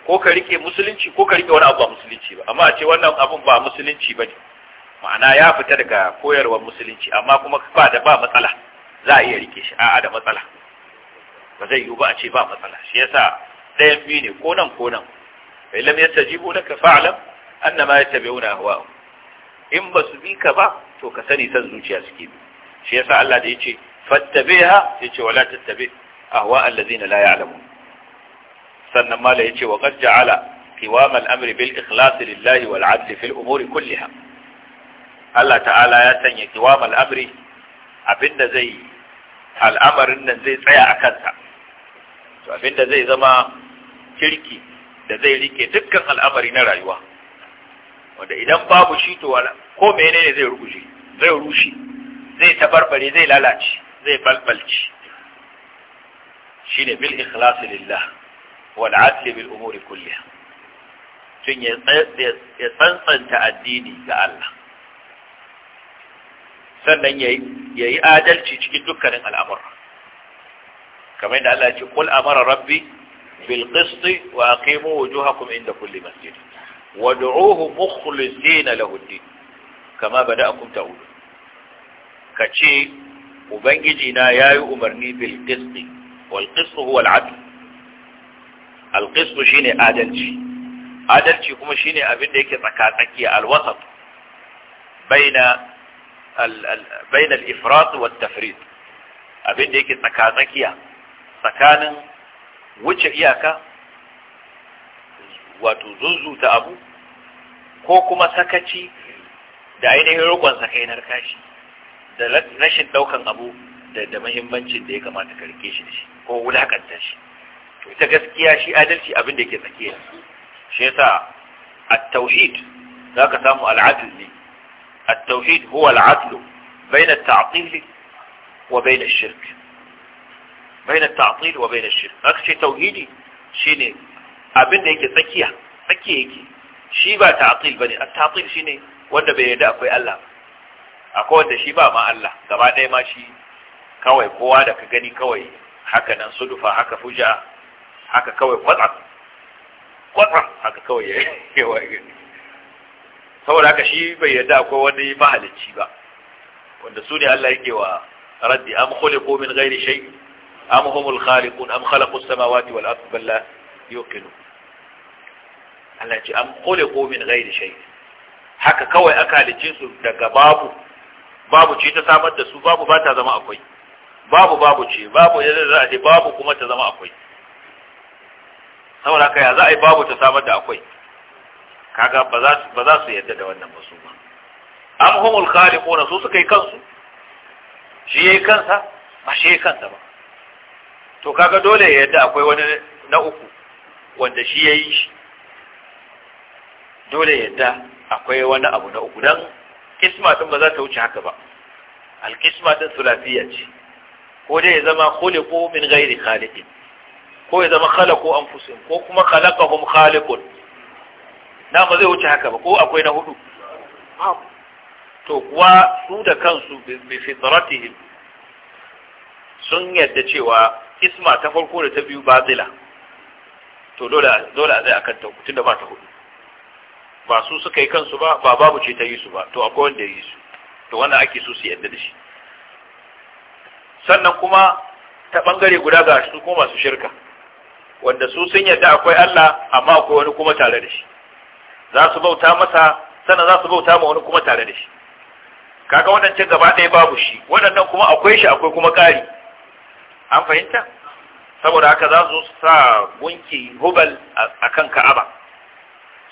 [SPEAKER 2] ko ka rike musulunci ko ka rike wani abu ba musulunci ba amma a ce wannan abun ba musulunci ba ne ma'ana ya fita daga koyarwar musulunci amma kuma ba da ba matsala za a iya rike shi a'a da matsala ba zai yi ba a ce ba matsala shi yasa ɗayan biyu ne ko nan ko nan fa lam yastajibu laka fa'lam annama yattabi'una ahwa'ahum in ba su bi ka ba to ka sani san zuciya suke bi shi yasa Allah da yace fattabiha yace wala tattabi ahwa allazina la alamu sannan mala yace wa qad ala qiwam amri bil ikhlasi lillahi wal 'adl fil umuri kulliha Allah ta'ala ya sanya kiwam al'amri abinda zai al'amarin nan zai tsaya a kansa to abinda zai zama kirki da zai rike dukkan al'amari na rayuwa wanda idan babu shi to ko ne zai ruguje zai rushe zai tabarbare zai lalace zai balbalci shine bil ikhlas lillah wal adl bil umuri kulliha tun ya tsantsanta addini ga Allah sannan ya yi adalci cikin dukkanin al'amur kamar yadda Allah ya ce kul amara rabbi bil qist wa aqimu wujuhakum inda kulli masjid wad'uhu ruhu lahu ad-din kama ba bada'akum ta'ud kace ubangiji na yayi umarni bil qist wal qist huwa al-'adl al qist shine adalci adalci kuma shine abin da yake tsaka tsakiya al-wasat baina bainal ifrat wa tafrit abin da yake tsakatsakiya tsakanin wuce iyaka wato ta abu ko kuma sakaci da ainihin rukun sakainar kashi da rashin ɗaukan abu da muhimmancin da ya kamata ka rike shi da shi ko wulakanta shi to ita gaskiya shi adalci abinda da yake tsakiya shi yasa at-tauhid zaka samu al-adl ne التوحيد هو العدل بين التعطيل وبين الشرك بين التعطيل وبين الشرك أخشي توحيدي شيني نعم. أبن هيك تكية تكية هيك شيبا تعطيل بني التعطيل شيني نعم. وانا بين يدا في الله أكو وانا شيبا ما الله قبعا نعم ما شي كوي قوانا كغني كوي حكا ننصدفا حكا فجاء حكا كوي فضعك قطعة حكا كوي <laughs> يواجه saboda haka shi bai yadda akwai wani mahalicci ba wanda su ne Allah yake wa raddi am khuliqu min ghairi shay am humul khaliqun am khalaqus samawati wal ardi bal la yuqinu Allah ce am khuliqu min ghairi shay haka kawai aka halice su daga babu babu ce ta samar da su babu ba ta zama akwai babu babu ce babu yadda za a ce babu kuma ta zama akwai saboda haka ya za a yi babu ta samar da akwai kaga ba za su yadda da wannan ba su ba am humul khaliquna su suka yi kansu shi yi kansa ba shi yayi kansa ba to kaga dole ya yadda akwai wani na uku wanda shi yayi shi dole yadda akwai wani abu na uku dan kisma din ba za ta wuce haka ba alkisma din sulafiya ce ko dai ya zama khuliqu min ghairi khaliqin ko ya zama khalaqu anfusihim ko kuma khalaqahum khaliqun na ba zai wuce haka ba ko akwai na hudu to kuwa su da kansu bi fitratihim sun yadda cewa isma ta farko da ta biyu batila to dole dole a zai akan ta tunda ba ta hudu ba su suka yi kansu ba ba babu ce ta yi su ba to akwai wanda ya yi su to wannan ake so su yadda da shi sannan kuma ta bangare guda ga su ko masu shirka wanda su sun yadda akwai Allah amma akwai wani kuma tare da shi za su bauta masa sannan za su bauta ma wani kuma tare da shi kaga wadancan gaba ɗaya babu shi waɗannan kuma akwai shi akwai kuma ƙari an fahimta saboda haka za su sa gunki hubal a kan ka'aba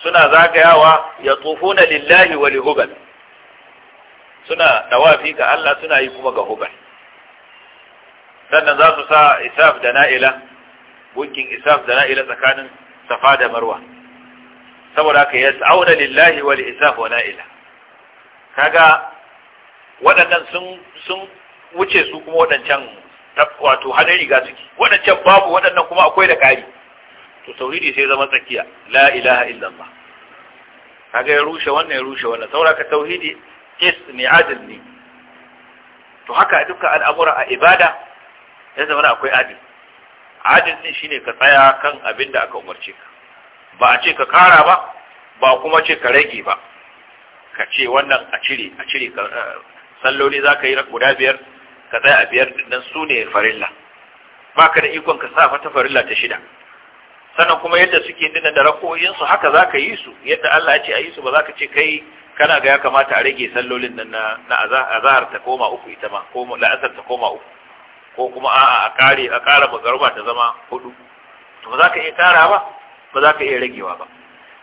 [SPEAKER 2] suna zagayawa ya na lillahi wa hubal suna dawafi ga Allah suna yi kuma ga hubal sannan za su sa isaf da na'ila gunkin isaf da na'ila tsakanin safa da marwa saboda haka sa'auna lillahi wa isaf wa la'ila kaga waɗannan sun sun wuce su kuma waɗancan wato hannun riga suke waɗancan babu waɗannan kuma akwai da ƙari to tauhidi sai zama tsakiya la ilaha illallah kaga ya rushe wannan ya rushe wannan saboda ka tauhidi is ni adil ne to haka dukkan al'amura a ibada ya zama akwai adil adil ne shine ka tsaya kan abin da aka umarce ka ba a ce ka kara ba ba kuma ce ka rage ba ka ce wannan a cire a cire eh, salloli za ka yi guda biyar ka tsaya a biyar din su ne farilla ba ka da ikon ka sa fata farilla ta shida sannan kuma yadda suke dina da rakoyinsu haka za ka yi su yadda Allah ya ce a yi su ba za ka ce kai kana ga ya kamata a rage sallolin nan na azahar ta koma uku ita ma ko la'asar ta koma uku ko kuma a'a a kare a kara ta zama hudu to ba za ka iya kara ba ba za ka iya ragewa ba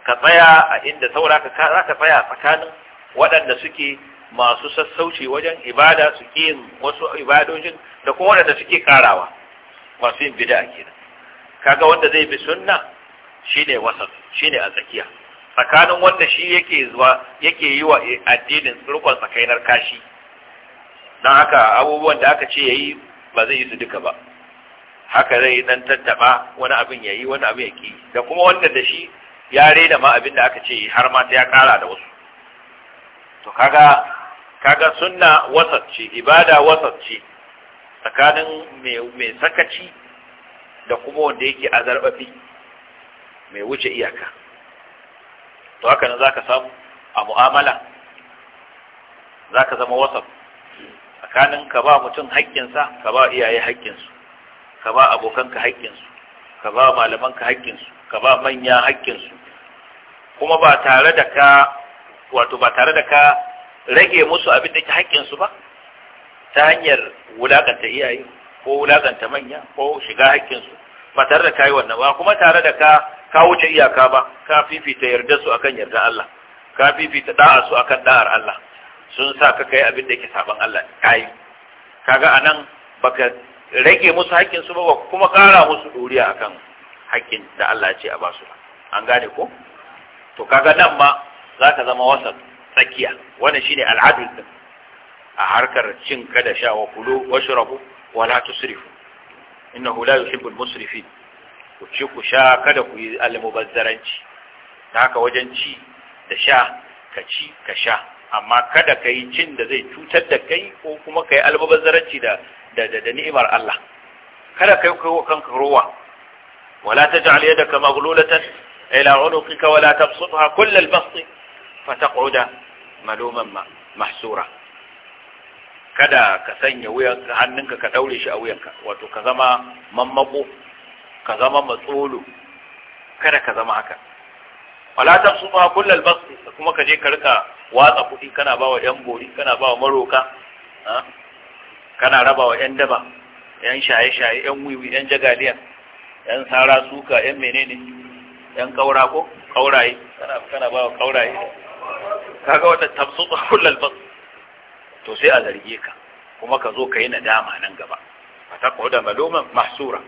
[SPEAKER 2] ka tsaya a inda saura ka za ka tsaya tsakanin waɗanda suke masu sassauci wajen ibada su ke wasu ibadojin da kuma waɗanda suke karawa masu yin bida kenan kaga wanda zai bi sunna shine wasan shine a tsakiya tsakanin wanda shi yake zuwa yake yi wa addinin rukun tsakainar kashi don haka abubuwan da aka ce yayi ba zai yi su duka ba haka zai dan tattaba wani abin yayi wani abin yaki da kuma wanda da shi ya rena ma abin da aka ce har ma sai ya kara da wasu to kaga kaga sunna wasat ce ibada wasat ce tsakanin mai sakaci da kuma wanda yake azarbabi mai wuce iyaka to haka nan zaka samu a mu'amala zaka zama wasat tsakanin ka ba mutum haƙƙinsa ka ba iyaye haƙƙinsu ka ba abokanka haƙƙinsu ka ba malamanka haƙƙinsu ka ba manya haƙƙinsu kuma ba tare da ka wato ba tare da ka rage musu abin da ke haƙƙinsu ba ta hanyar wulaƙanta iyaye ko wulaƙanta manya ko shiga haƙƙinsu ba tare da ka yi wannan ba kuma tare da ka ka wuce iyaka ba ka fifita yarda su akan yarda Allah ka fifita da'a su akan da'ar Allah sun sa ka kai abin da yake saban Allah kai kaga anan baka rage musu haƙƙin su ba kuma ƙara musu a kan haƙƙin da Allah ce a ba su an gane ko to kaga nan ma za ka zama wasan tsakiya wannan shine al'adul din a harkar cin kada sha wa kulu washrabu wa la tusrifu innahu la yuhibbul musrifin ku ci ku sha kada ku yi almubazzaranci haka wajen ci da sha ka ci ka sha amma kada ka yi cin da zai cutar da kai ko kuma ka yi almubazzaranci da da ni'imar Allah kada kai kai kanka ruwa wala taj'al yadaka maghlulatan ila unuqika wala tabsutha kull al-bast fataq'uda maluman mahsura kada ka sanya wuyanka hannunka ka daure shi a wuyanka wato ka zama mammako ka zama matsolo kada ka zama haka wala tabsutha kull al-bast kuma ka je ka rika watsa kudi kana bawa yan bori kana bawa maroka kana raba wa 'yan daba 'yan shaye-shaye 'yan wiwi 'yan jagaliya 'yan tsara suka 'yan menene 'yan kaura ko kauraye kana ba wa kauraye kaga wata tamsutu kullal bas to sai a zarge ka kuma ka zo ka yi nadama nan gaba A fata koda maluman mahsura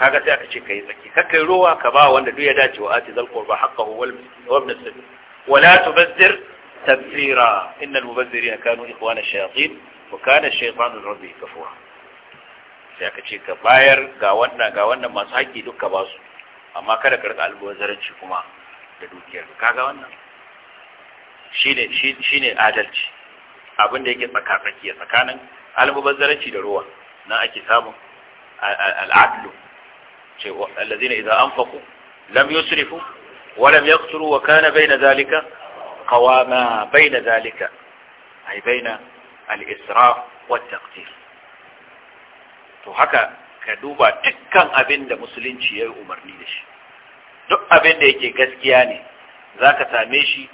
[SPEAKER 2] kaga sai aka ce ka yi tsaki ka kai ruwa ka ba wanda duk ya dace wa ati zal qurba haka wal wabn as-sabil wala tubazzir tabzira innal mubazzirina kanu ikhwana ash-shayatin wa kana shaytanu rabbi kafura sai aka ce ka bayar ga wannan ga wannan masu haƙi duka ba su amma kada ka rika albazaranci kuma da dukiyar ka ga wannan shine shine adalci abin da yake tsakatsakiya tsakanin albazaranci da ruwa nan ake samun al'adlu ce allazina idan anfaqu lam yusrifu wa lam yaqturu wa kana bayna zalika qawama bayna zalika ay bayna al’israf israf to haka ka duba dukkan abin da musulunci ya yi umarni da shi duk abin da yake gaskiya ne ka same shi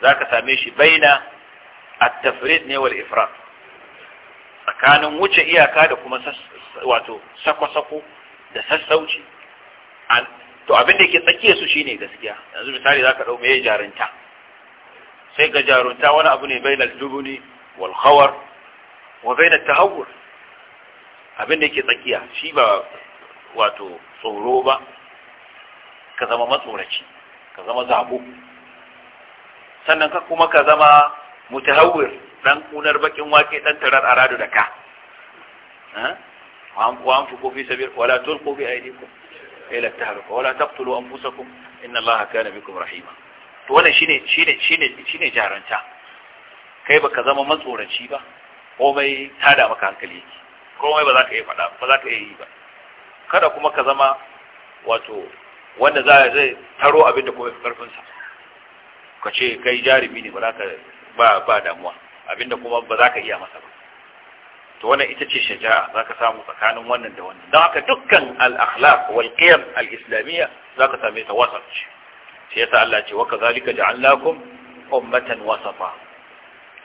[SPEAKER 2] ka same shi baina a tafrid ne wal tsakanin wuce iyaka da kuma wato sako-sako da sassauci to abin da yake tsakiya su ne gaskiya yanzu misali zaka ɗau mai jarinta sai ga jarunta wani abu ne bai na dubuni wal wa bai na tahawur abin da yake tsakiya shi ba wato tsoro ba ka zama matsoraci ka zama zabo sannan ka kuma ka zama mutahawir dan kunar bakin wake dan tarar aradu da ka wa an fuko fi sabir wala tulqu bi aydikum ila tahruq wala taqtulu anfusakum inna allaha kana bikum rahima to wannan shine shine shine shine jaranta kai baka zama matsoraci ba komai tada maka hankali yake komai ba za ka yi faɗa ba za ka yi ba kada kuma ka zama wato
[SPEAKER 1] wanda za zai
[SPEAKER 2] taro abin da kuma karfin sa ka ce kai jarumi ne ba za ka ba ba damuwa abin da kuma ba za ka iya masa ba to wannan ita ce shaja'a za ka samu tsakanin wannan da wannan don haka dukkan al-akhlaq wal qiyam al-islamiyya za ka same ta ce shi yasa Allah ce wa kazalika ja'alnakum ummatan wasafa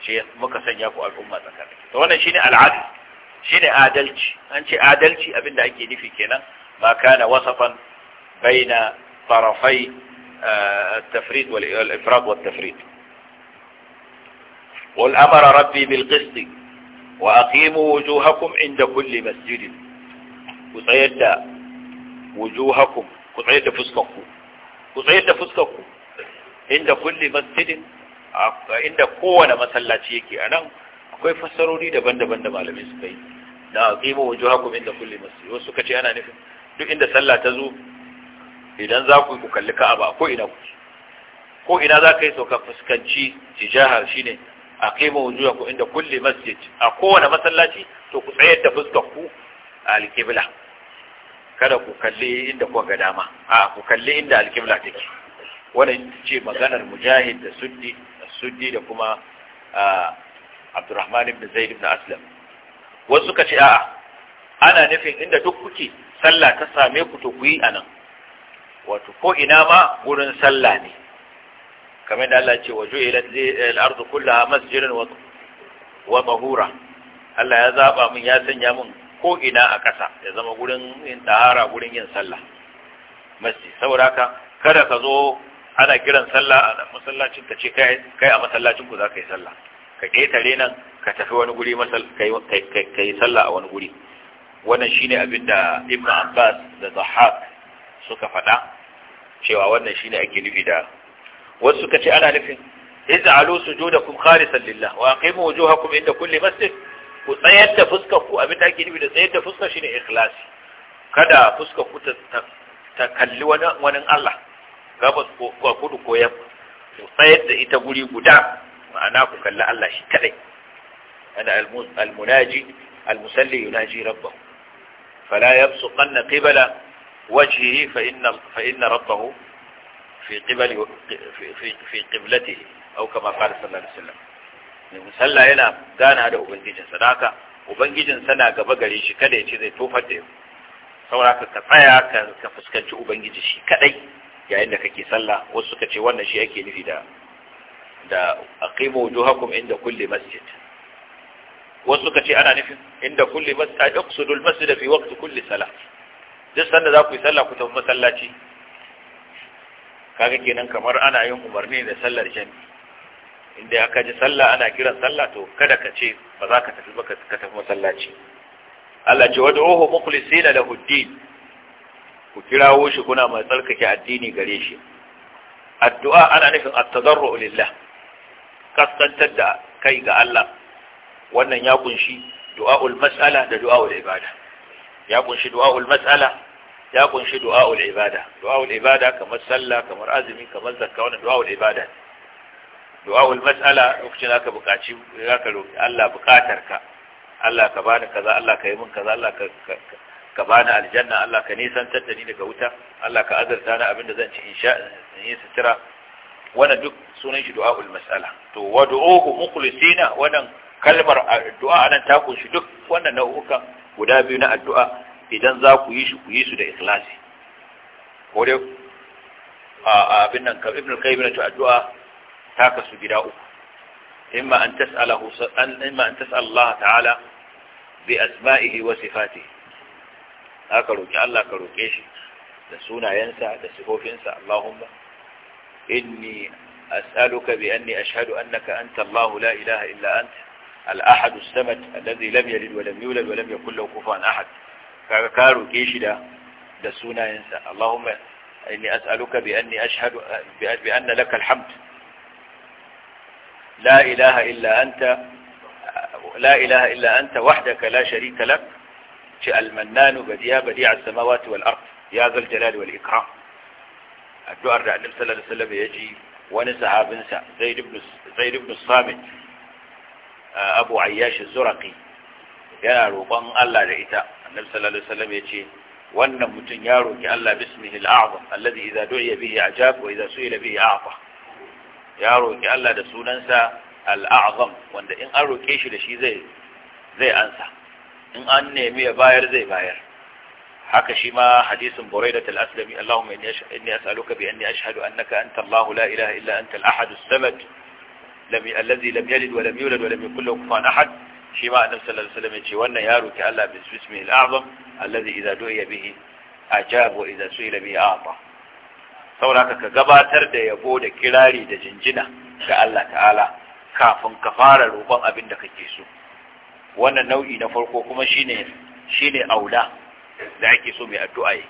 [SPEAKER 2] shi muka sanya ku al'umma tsakani to wannan shine al'adl shine adalci an ce adalci abinda ake nufi kenan ma kana wasafan baina tarafai at-tafrid wat-tafrid wal-ifrad wal التفريد والإفراد والتفريد قل أمر ربي بالقسط وأقيموا وجوهكم عند كل مسجد وسيدى وجوهكم وسيدى fuskanku ku tsayar da fuskar ku inda kulli masjidin inda kowane masallaci yake a nan akwai fassarori daban-daban da malamai suka yi na aqimu wujuhakum inda kulli masjid wasu suka ce ana nufin duk inda sallah ta zo idan za ku ku kalli Ka'aba ko ina ku ko ina za ka yi sauka fuskanci tijahar shine aqimu wujuhakum inda kulli masjid a kowane masallaci to ku tsayar da fuskar ku al-qibla kada ku kalli inda ku ga dama a ku kalli inda alƙibla take wannan ce maganar mujahid da suddi da suddi da kuma abdurrahman ibn zaid ibn aslam wasu suka ce a'a ana nufin inda duk kuke sallah ta same ku to ku yi anan wato ko ina ma gurin sallah ne kamar yadda Allah ce wajo ila al-ardu kullaha masjidan wa tahura Allah ya zaba min ya sanya mun. ko ina a ƙasa ya zama gurin yin tahara gurin yin sallah masjid saboda haka kada ka zo ana kiran sallah a masallacin ka ce kai a masallacin ku za ka yi sallah ka ƙetare nan ka tafi wani guri ka yi sallah a wani guri wannan shine abin da ibn abbas da zahab suka faɗa cewa wannan shine ake nufi da wasu suka ce ana nufin ij'alu sujudakum khalisan lillah wa aqimu wujuhakum inda kulli masjid ku tsayar da fuskar ku abin da ake nufi da tsayar da fuskar shine ikhlasi kada fuskar ku ta ta kalli wani wani Allah gabas ko kudu ko yamma ku tsayar da ita guri guda ma'ana ku kalli Allah shi kadai ana al-munaji al-musalli yunaji rabbahu fala yabsuqanna qibla wajhihi fa inna fa inna rabbahu fi qibli fi fi qiblatihi aw kama qala sallallahu alaihi wasallam mai sallah yana gana da ubangijin sadaka, ubangijin sana gaba gare shi kada ya ce zai tofar da yau sauraka ka tsaya ka fuskanci ubangiji shi kadai yayin da kake sallah wasu suka ce wannan shi yake nufi da da aqimu wujuhakum inda kulli masjid wasu suka ce ana nufin inda kulli masjid aqsudu almasjid fi waqti kulli salah duk sanda za ku yi sallah ku tafi masallaci kaga kenan kamar ana yin umarni da sallar jami'i inda aka ji sallah ana kiran sallah to kada ka ce ba za ka tafi ba ka tafi masallaci Allah ce wad'uhu mukhlisina lahu da din ku kirawo shi kuna mai tsarkake addini gare shi addu'a ana nufin at-tadarru lillah kaskantar da kai ga Allah wannan ya kunshi du'aul mas'ala da du'aul ibada ya kunshi du'aul mas'ala ya kunshi du'aul ibada du'aul ibada kamar sallah kamar azumi kamar zakka wannan du'aul ibada ne Du'a du'a'ul mas'ala lokacin zaka buƙaci zaka roki Allah ka. Allah ka bani kaza Allah ka yi min kaza Allah ka ka bani aljanna Allah ka nisan tattani daga wuta Allah ka azurta ni abinda zan ci insha in yi sutura wannan duk sunan shi du'a du'a'ul mas'ala to wad'uhu mukhlisina wannan kalmar addu'a nan ta kunshi duk wannan nau'ukan guda biyu na addu'a idan za ku yi shi ku yi su da ikhlasi ko dai abin nan ka ibnu al-qayyim na addu'a تاكسوا جداؤك إما أن, تسأله س... أن... إما أن تسأل الله تعالى بأسمائه وصفاته أكروك الله أكروك إيش تسونا ينسى تسفوف ينسى اللهم إني أسألك بأني أشهد أنك أنت الله لا إله إلا أنت الأحد السمت الذي لم يلد ولم يولد ولم يكن له كفوا أحد كاروك إيش دا تسونا ينسى اللهم إني أسألك بأني أشهد بأن لك الحمد لا إله إلا أنت لا إله إلا أنت وحدك لا شريك لك المنان بديا بديع السماوات والأرض يا ذا الجلال والإكرام الدعاء الرعلم صلى الله عليه وسلم يجي ونسعها بنسع زيد بن, زيد بن الصامت أبو عياش الزرقي يانا روبان الله لإتاء النبي صلى الله عليه وسلم يجي وأن متنياره كألا باسمه الأعظم الذي إذا دعي به أعجاب وإذا سئل به أعطى ya roƙi Allah da sunansa al'azam wanda in an roƙe shi da shi zai ansa in an nemi ya bayar zai bayar haka shi ma hadisin buraida al-aslami Allahumma inni as'aluka bi ya ashhadu annaka anta Allah la ilaha illa anta al-ahad as-samad الذي لم يلد ولم يولد ولم يكن له كفوا احد shi ma annabi sallallahu alaihi wasallam ya wannan ya roki Allah bi ismihi al-azam alladhi idza du'iya bihi ajab wa idza su'ila bihi a'ta saboda ka gabatar da yabo da kirari da jinjina ga Allah ta'ala kafin ka fara roƙon abin da kake so wannan nau'i na farko kuma shine shine aula da ake so mai addu'a yi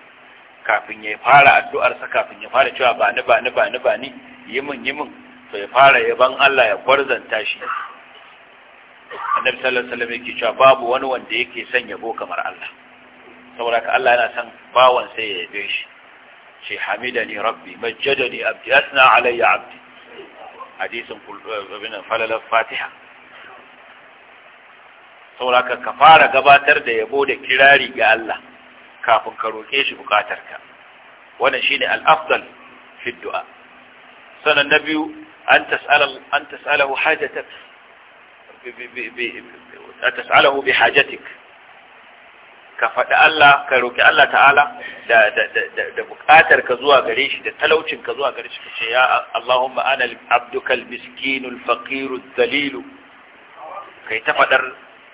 [SPEAKER 2] kafin ya fara addu'ar sa kafin ya fara cewa ba ni ba ni ba ni ba ni yi yimin to ya fara yaban Allah ya kwarzanta shi annabi sallallahu alaihi wasallam yake cewa babu wani wanda yake son yabo kamar Allah saboda ka Allah yana son bawan sai ya yabe shi التي حملني ربي مجدني أبدي أثنى علي عبدي حديث فلل الفاتحة سولاك كفارة قباتر دي يبود كراري يا الله كافن كروكيش بقاترك ونشين الأفضل في الدعاء سنة النبي أن تسأل أن تسأله حاجتك ب ب ب ب ب ب ka faɗi Allah ka roƙi Allah ta'ala da da buƙatar ka zuwa gare shi da talaucin ka zuwa gare shi ka ce ya Allahumma ana abdukal miskinul faqirul Dalilu, kai ta faɗar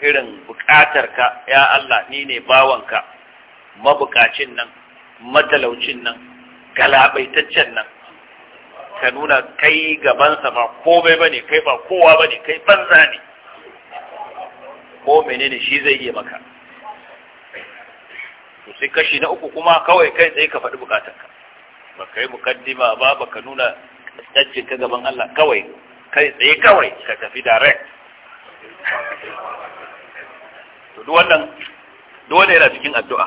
[SPEAKER 2] irin buƙatar ka ya Allah ni ne bawanka mabukacin nan matalaucin nan galabaitaccen nan ka nuna kai gabansa ba komai bane kai ba kowa bane kai banza ne ko menene shi zai yi maka to sai kashi na uku kuma kawai kai tsaye ka faɗi bukatarka ba kai mukaddima ba ba ka nuna tsajin ka gaban Allah kawai kai tsaye kawai ka tafi direct to duk wannan dole yana cikin addu'a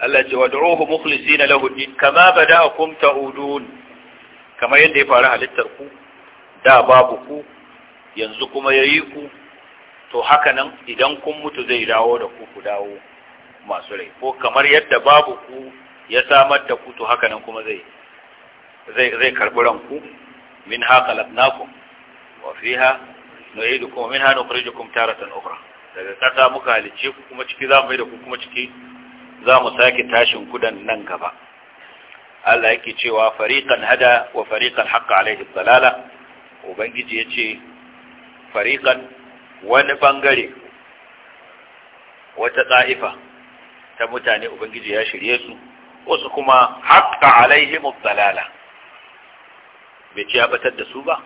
[SPEAKER 2] Allah ya ce wad'uhu mukhlisina lahu din kama bada'akum ta'udun kamar yadda ya faru halittar ku da babu ku yanzu kuma yayi ku to haka nan idan kun mutu zai dawo da ku ku dawo masu rai ko kamar yadda babu ku ya samar da ku to haka nan kuma zai zai zai karbi ranku min ha khalaqnakum wa fiha nu'idukum minha nukhrijukum taratan ukhra daga ƙasa muka halice ku kuma ciki za mu yi da ku kuma ciki za mu sake tashin ku nan gaba Allah yake cewa fariƙan hada wa fariƙan haƙa alaihi dhalala ubangiji ya ce fariƙan wani bangare wata ta'ifa ta mutane ubangiji ya shirye su wasu kuma haqqa alaihim dalala bai ce ya batar da su ba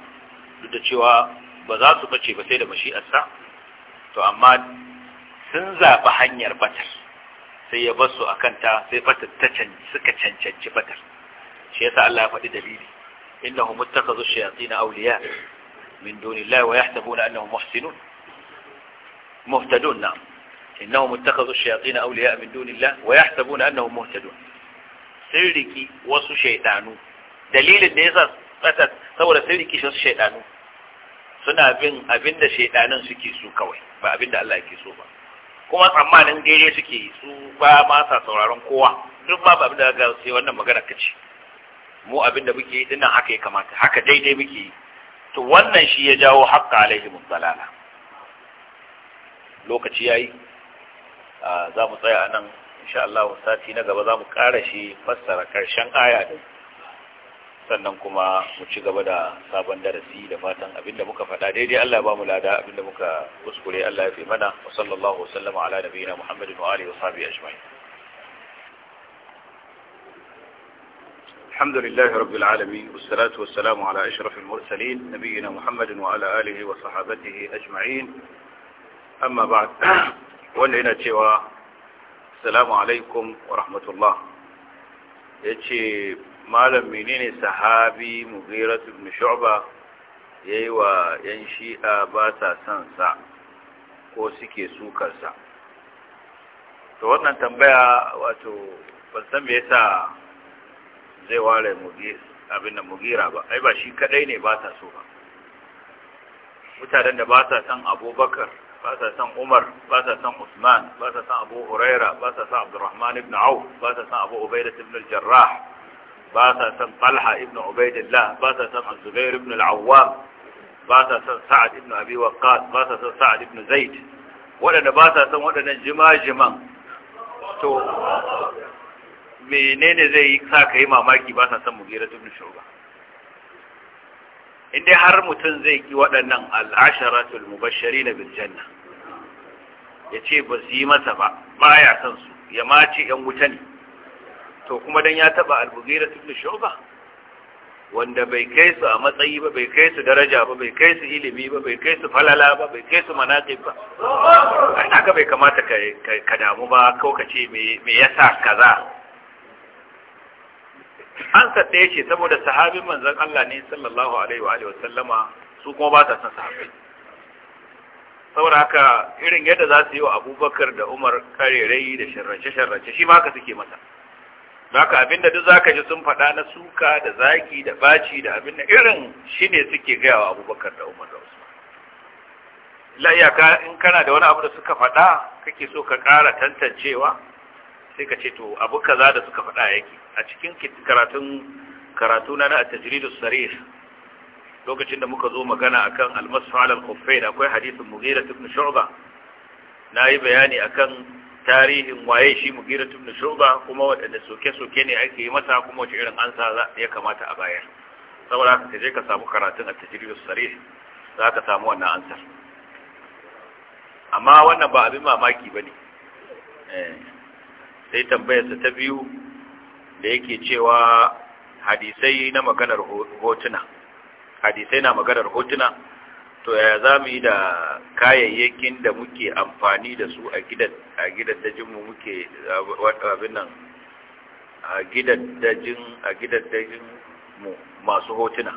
[SPEAKER 2] duk da cewa ba za su bace ba sai da mashi'arsa to amma sun zaɓi hanyar batar sai ya basu a kanta sai batar ta suka cancanci batar shi yasa Allah ya faɗi dalili innahum muttakazu shayatin awliya min dunillahi wa yahsabuna annahum muhsinun muhtadun na'am innahum ittakhadhu ash-shayatin awliya min dunillah wa yahsabuna annahum muhtadun sun riki wasu shaydanu dalilin da yasa tsata saboda sun riki wasu shaydanu suna bin abinda shaydanan suke so kawai ba abinda Allah yake so ba kuma tsammanin daidai suke su ba ma sa sauraron kowa duk ba abinda ga sai wannan magana kace mu abinda muke yi dinnan haka ya kamata haka daidai muke yi. to wannan shi ya jawo haƙƙa alaihim dalala lokaci yayi za mu tsaya a nan insha Allah sati na gaba za mu ƙara shi fassara ƙarshen aya ɗin sannan kuma mu ci gaba da sabon darasi da fatan abinda muka faɗa daidai Allah ba mu lada abinda muka kuskure Allah ya fi mana wa sallallahu wa sallama ala nabiyina Muhammadin wa alihi wa sahbihi ajma'in الحمد لله رب العالمين والصلاة والسلام على أشرف المرسلين wa محمد وعلى آله وصحابته أجمعين أما بعد wanda yana cewa salamu alaikum wa rahmatullah ya ce malam menene sahabi mughiratu ibn shu'ba yayi wa yan shi'a ba sa son sa ko suke sukarsa sa to wannan tambaya wato ban san me yasa zai ware abin da mughira ba ai ba shi kadai ne ba ta so ba mutanen da ba sa son abubakar ba sa san Umar ba sa san Usman ba sa san Abu Huraira ba sa san Abdurrahman ibn Auf ba sa san Abu Ubaidah ibn al-Jarrah ba sa san Talha ibn Ubaidillah ba sa san Az-Zubair ibn al-Awwam ba sa san Sa'ad ibn Abi Waqqas ba sa san Sa'ad ibn Zaid waɗanda ba sa san waɗannan jima-jiman to menene zai yi sa ka yi mamaki ba sa san Mughira ibn Shu'ba inda har mutum zai ki waɗannan al'asharatul mubashari na birjanna ya ce ba su yi masa ba ba ya san su ya mace ‘yan wuta ne to kuma don ya taɓa da tun ba wanda bai kai su a matsayi ba bai kai su daraja ba bai kai su ilimi ba bai kai su falala ba bai kai su manaƙi ba ai ka bai kamata ka damu ba ko ka ce me yasa kaza an saddaye ce saboda sahabin manzon Allah ne sallallahu alaihi wa alihi su kuma ba ta san sahabbai saboda haka irin yadda za su yi wa abubakar da umar karerai da sharrace-sharrace shi ma haka suke masa haka abinda duk zaka ji sun faɗa na suka da zaki da baci da abinda irin shi ne suke gaya wa abubakar da umar da usman la iyaka in kana da wani abu da suka faɗa kake so ka ƙara tantancewa sai ka ce to abu kaza da suka faɗa yake a cikin karatun karatu na at-tajridus sarih lokacin da muka zo magana akan al-masfa al-khuffain akwai hadisin Mughira ibn Shu'ba nayi bayani akan tarihin waye shi Mughira ibn Shu'ba kuma wadanda soke-soke ne ake yi masa kuma wace irin ansa ya kamata a bayar saboda haka je ka samu karatun at-tajridus sarih za ka samu wannan ansar amma wannan ba abin mamaki bane eh sai tambayarsa ta biyu da yake cewa hadisai na maganar hotuna hadisai na maganar hotuna to yaya za mu yi da kayayyakin da muke amfani da su a gidan a gidan dajinmu muke abin nan a gidan dajin a gidan dajin mu masu hotuna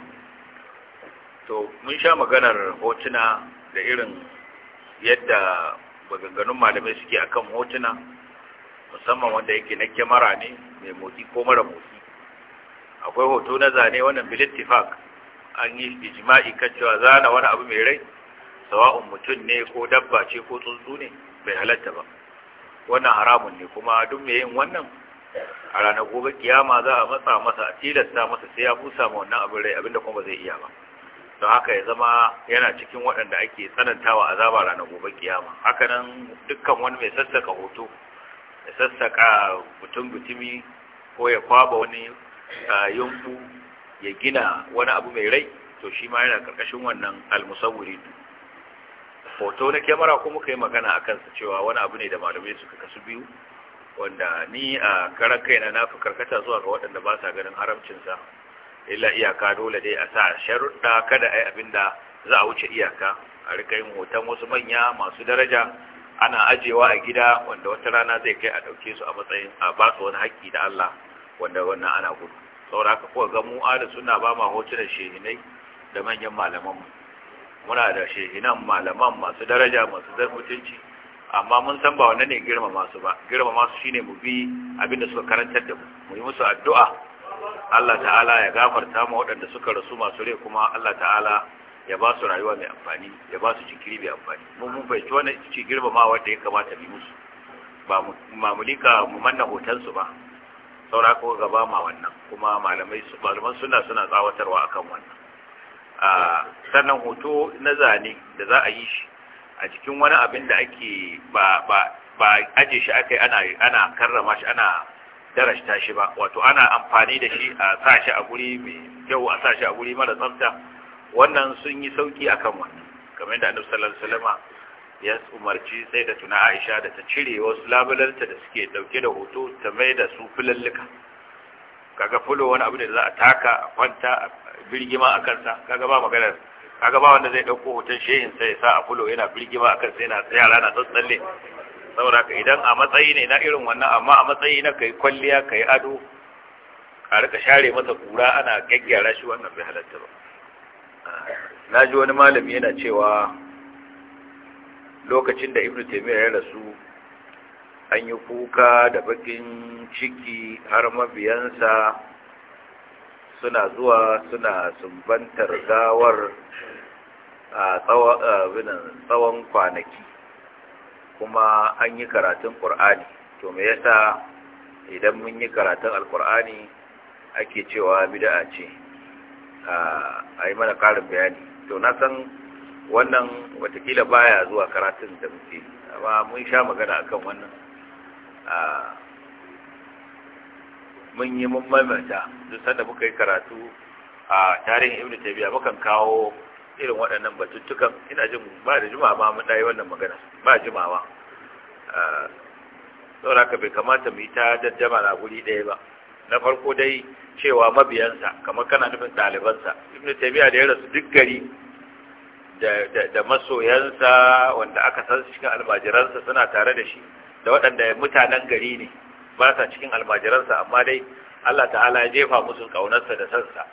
[SPEAKER 2] to mun sha maganar hotuna da irin yadda maganganun malamai suke akan hotuna musamman wanda yake na kyamara ne mai motsi ko mara motsi akwai hoto na zane wannan bilittifak an yi ijima'i kan cewa zana wani abu mai rai sawa'un mutum ne ko dabba ce ko tsuntsu ne bai halatta ba wannan haramun ne kuma duk mai yin wannan a ranar gobe kiyama za a matsa masa a tilasta masa sai ya busa ma wannan abin rai abinda kuma ba zai iya ba don haka ya zama yana cikin waɗanda ake tsanantawa azaba ranar gobe kiyama hakanan dukkan wani mai sassaka hoto ya sassaka mutum-mutumi ko ya kwaba wani yunfu ya gina wani abu mai rai to shi ma yana karkashin wannan almusawuri hoto na kyamara ko muka yi magana a kansa cewa wani abu ne da malamai suka kasu biyu wanda ni a karan kaina na fi karkata zuwa ga waɗanda ba sa ganin haramcinsa illa iyaka dole dai a sa sharuɗa kada a yi abin da za a wuce iyaka a rikayin hoton wasu manya masu daraja ana ajewa a gida wanda wata rana zai kai a ɗauke su a matsayin a ba su wani haƙƙi da Allah wanda wannan ana gudu saboda haka kuwa ga mu da suna ba ma hotunan shehinai da manyan malaman mu muna da shehinan malaman masu daraja masu zar mutunci amma mun san ba wannan ne girma masu ba girma masu shine mu bi abin da suka karantar da mu mu yi musu addu'a
[SPEAKER 1] Allah ta'ala ya gafarta
[SPEAKER 2] mu waɗanda suka rasu masu rai kuma Allah ta'ala ya ba su rayuwa mai amfani ya ba su jikiri mai amfani mun mun fahimci wannan ci girmama wanda ya kamata bi musu ba mu mu manna hotel su ba saura ko gaba ma wannan kuma malamai su malaman suna suna tsawatarwa akan wannan a sannan hoto na zane da za a yi shi a cikin wani abin da ake ba ba ba aje shi akai ana ana karrama shi ana darashta shi ba wato ana amfani da shi a sa a guri mai kyau a sa shi a guri mara tsafta wannan sun yi sauki akan wannan kamar da annabi sallallahu alaihi wasallam ya umarci sai da tuna Aisha da ta cire wasu labulanta da suke dauke da hoto ta mai da su fulalluka kaga fulo wani abu da za a taka a kwanta a birgima a kansa kaga ba magana kaga ba wanda zai dauko hoton shehin sai sa a fulo yana birgima a kansa yana yara na tsatsalle saboda ka idan a matsayi ne na irin wannan amma a matsayi na kai kwalliya kai ado a rika share masa kura ana gaggyara shi wannan bai halatta ba na ji wani malami yana cewa lokacin da ibnu taimiyya ya rasu an yi kuka da bakin ciki har mabiyansa suna zuwa suna sumbantar gawar a tsawon kwanaki kuma an yi karatun ƙur'ani to me yasa idan mun yi karatun alƙur'ani ake cewa bida'a ce a yi mana karin bayani to na san wannan watakila baya zuwa karatun da muke amma mun sha magana akan wannan mun yi mun mamata duk sanda muka yi karatu a tarihin ibnu tabiya mukan kawo irin waɗannan batuttukan ina jin ba da juma'a ba mun dai wannan magana ba juma'a saboda haka bai kamata mu yi ta daddama na guri ɗaya ba na farko dai cewa mabiyansa kamar kana nufin ɗalibansa ibn taymiya da ya rasu duk gari da masoyansa wanda aka san cikin almajiransa suna tare da shi da waɗanda mutanen gari ne ba sa cikin almajiransa amma dai Allah ta'ala ya jefa musu kaunarsa da sansa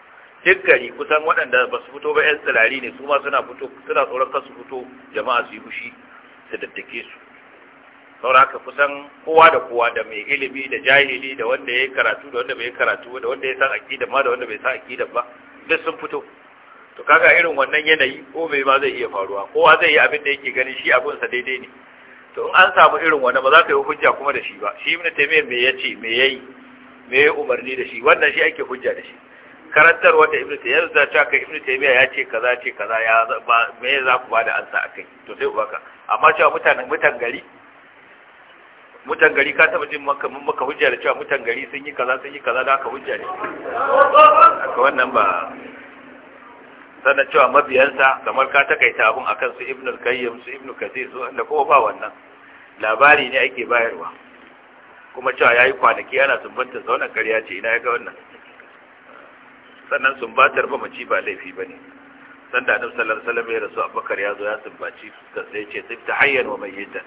[SPEAKER 2] duk gari kusan waɗanda ba su fito ba 'yan tsirari ne su ma suna fito suna tsoron fito jama'a su yi fushi su daddake su haka kusan kowa da kowa da mai ilimi da jahili da wanda ya karatu da wanda bai karatu da wanda ya san akida ma da wanda bai san akida ba duk sun fito to kaga irin wannan yanayi ko bai ma zai iya faruwa kowa zai yi abin da yake gani shi abin sa daidai ne to in an samu irin wannan ba za ka yi hujja kuma da shi ba shi Ibn taymiyyah me yace me yayi me yi umarni da shi wannan shi ake hujja da shi karantar wanda Ibn taymiyyah da ta ka ibn taymiyyah ya ce kaza ce kaza ya me za ku ba da ansa akai to sai ubaka amma cewa mutanen mutan gari mutan gari ka taba jin maka mun maka hujja da cewa mutan gari sun yi kaza sun yi kaza da aka hujja ne aka wannan ba sannan cewa mabiyansa kamar ka takaita abun akan su ibnu kayyim su ibnu kathir su inda kuma ba wannan labari ne ake bayarwa kuma cewa yayi kwanaki ana sumbanta sa wannan ƙarya ce ina ya ga wannan sannan sumbatar ba maci ba laifi bane sanda annabi sallallahu alaihi wasallam ya rasu abubakar ya zo ya sumbaci sai ya ce tsifta hayyan wa mayyitan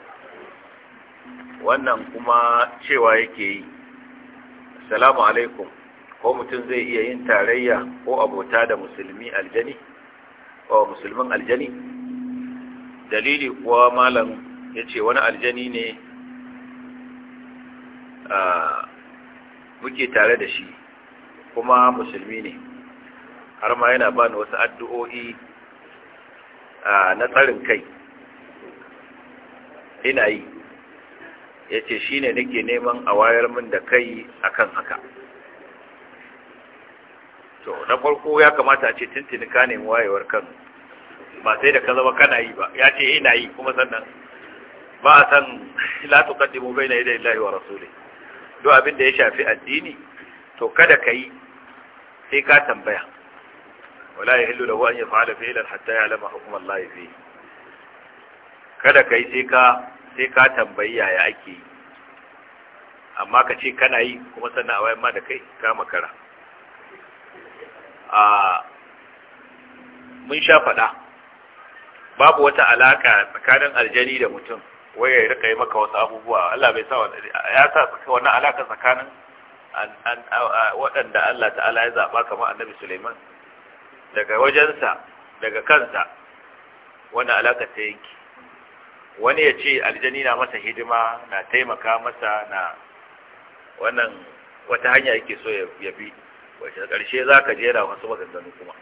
[SPEAKER 2] wannan kuma cewa yake yi assalamu alaikum ko mutum zai iya yin tarayya ko abota da musulmi aljani ko musulmin aljani dalili kuwa malam ya ce wani aljani ne muke tare da shi kuma musulmi ne har ma yana bani wasu addu'o'i na tsarin kai ina yi ya ce shi ne nake neman a wayar min da kai akan haka to na farko ya kamata a ce tuntuni ka nemi wayewar kan ba sai da ka zama kana yi ba ya ce ina yi kuma sannan ba a san bai na yi da ilahi wa rasuli do abin da ya shafi addini to kada ka yi sai ka tambaya wala ya yahillu lahu an yaf'ala fi'lan hatta ya'lama hukumar Allah fi kada ka yi sai ka sai ka tambayi yaya ake yi amma ka ce kana yi kuma sannan a wayan ma da kai ka makara a
[SPEAKER 1] mun sha faɗa
[SPEAKER 2] babu wata alaka tsakanin aljani da mutum wai ya rika yi maka wasu abubuwa Allah bai sa ya sa wani alaka tsakanin waɗanda Allah ta'ala ya zaɓa kamar annabi Suleiman daga wajensa daga kansa wani alaka ta yanki wani ya ce aljani na masa hidima na taimaka masa na wannan wata hanya yake so ya bi wacce ƙarshe za ka jera wasu maganganu kuma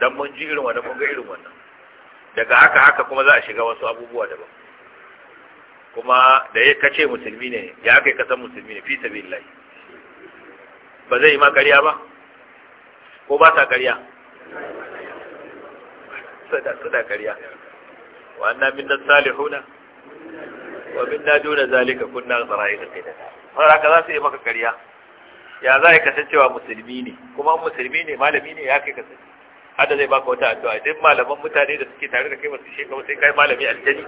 [SPEAKER 2] don mun ji irin wannan mun ga irin wannan daga haka haka kuma za a shiga wasu abubuwa daban kuma da ya kace musulmi ne ya kai kasan musulmi ne fi lai ba zai yi ma ƙarya ba ko ba ta ƙarya sada ƙarya wa anna minna salihuna wa min na duna zalika kunna sara'ika qidada har ka za su yi maka karya? ya za ka kasancewa musulmi ne kuma musulmi ne malami ne ya kai kasance hada zai baka wata addu'a duk malaman mutane da suke tare da kai masu shekaru sai kai malami aljani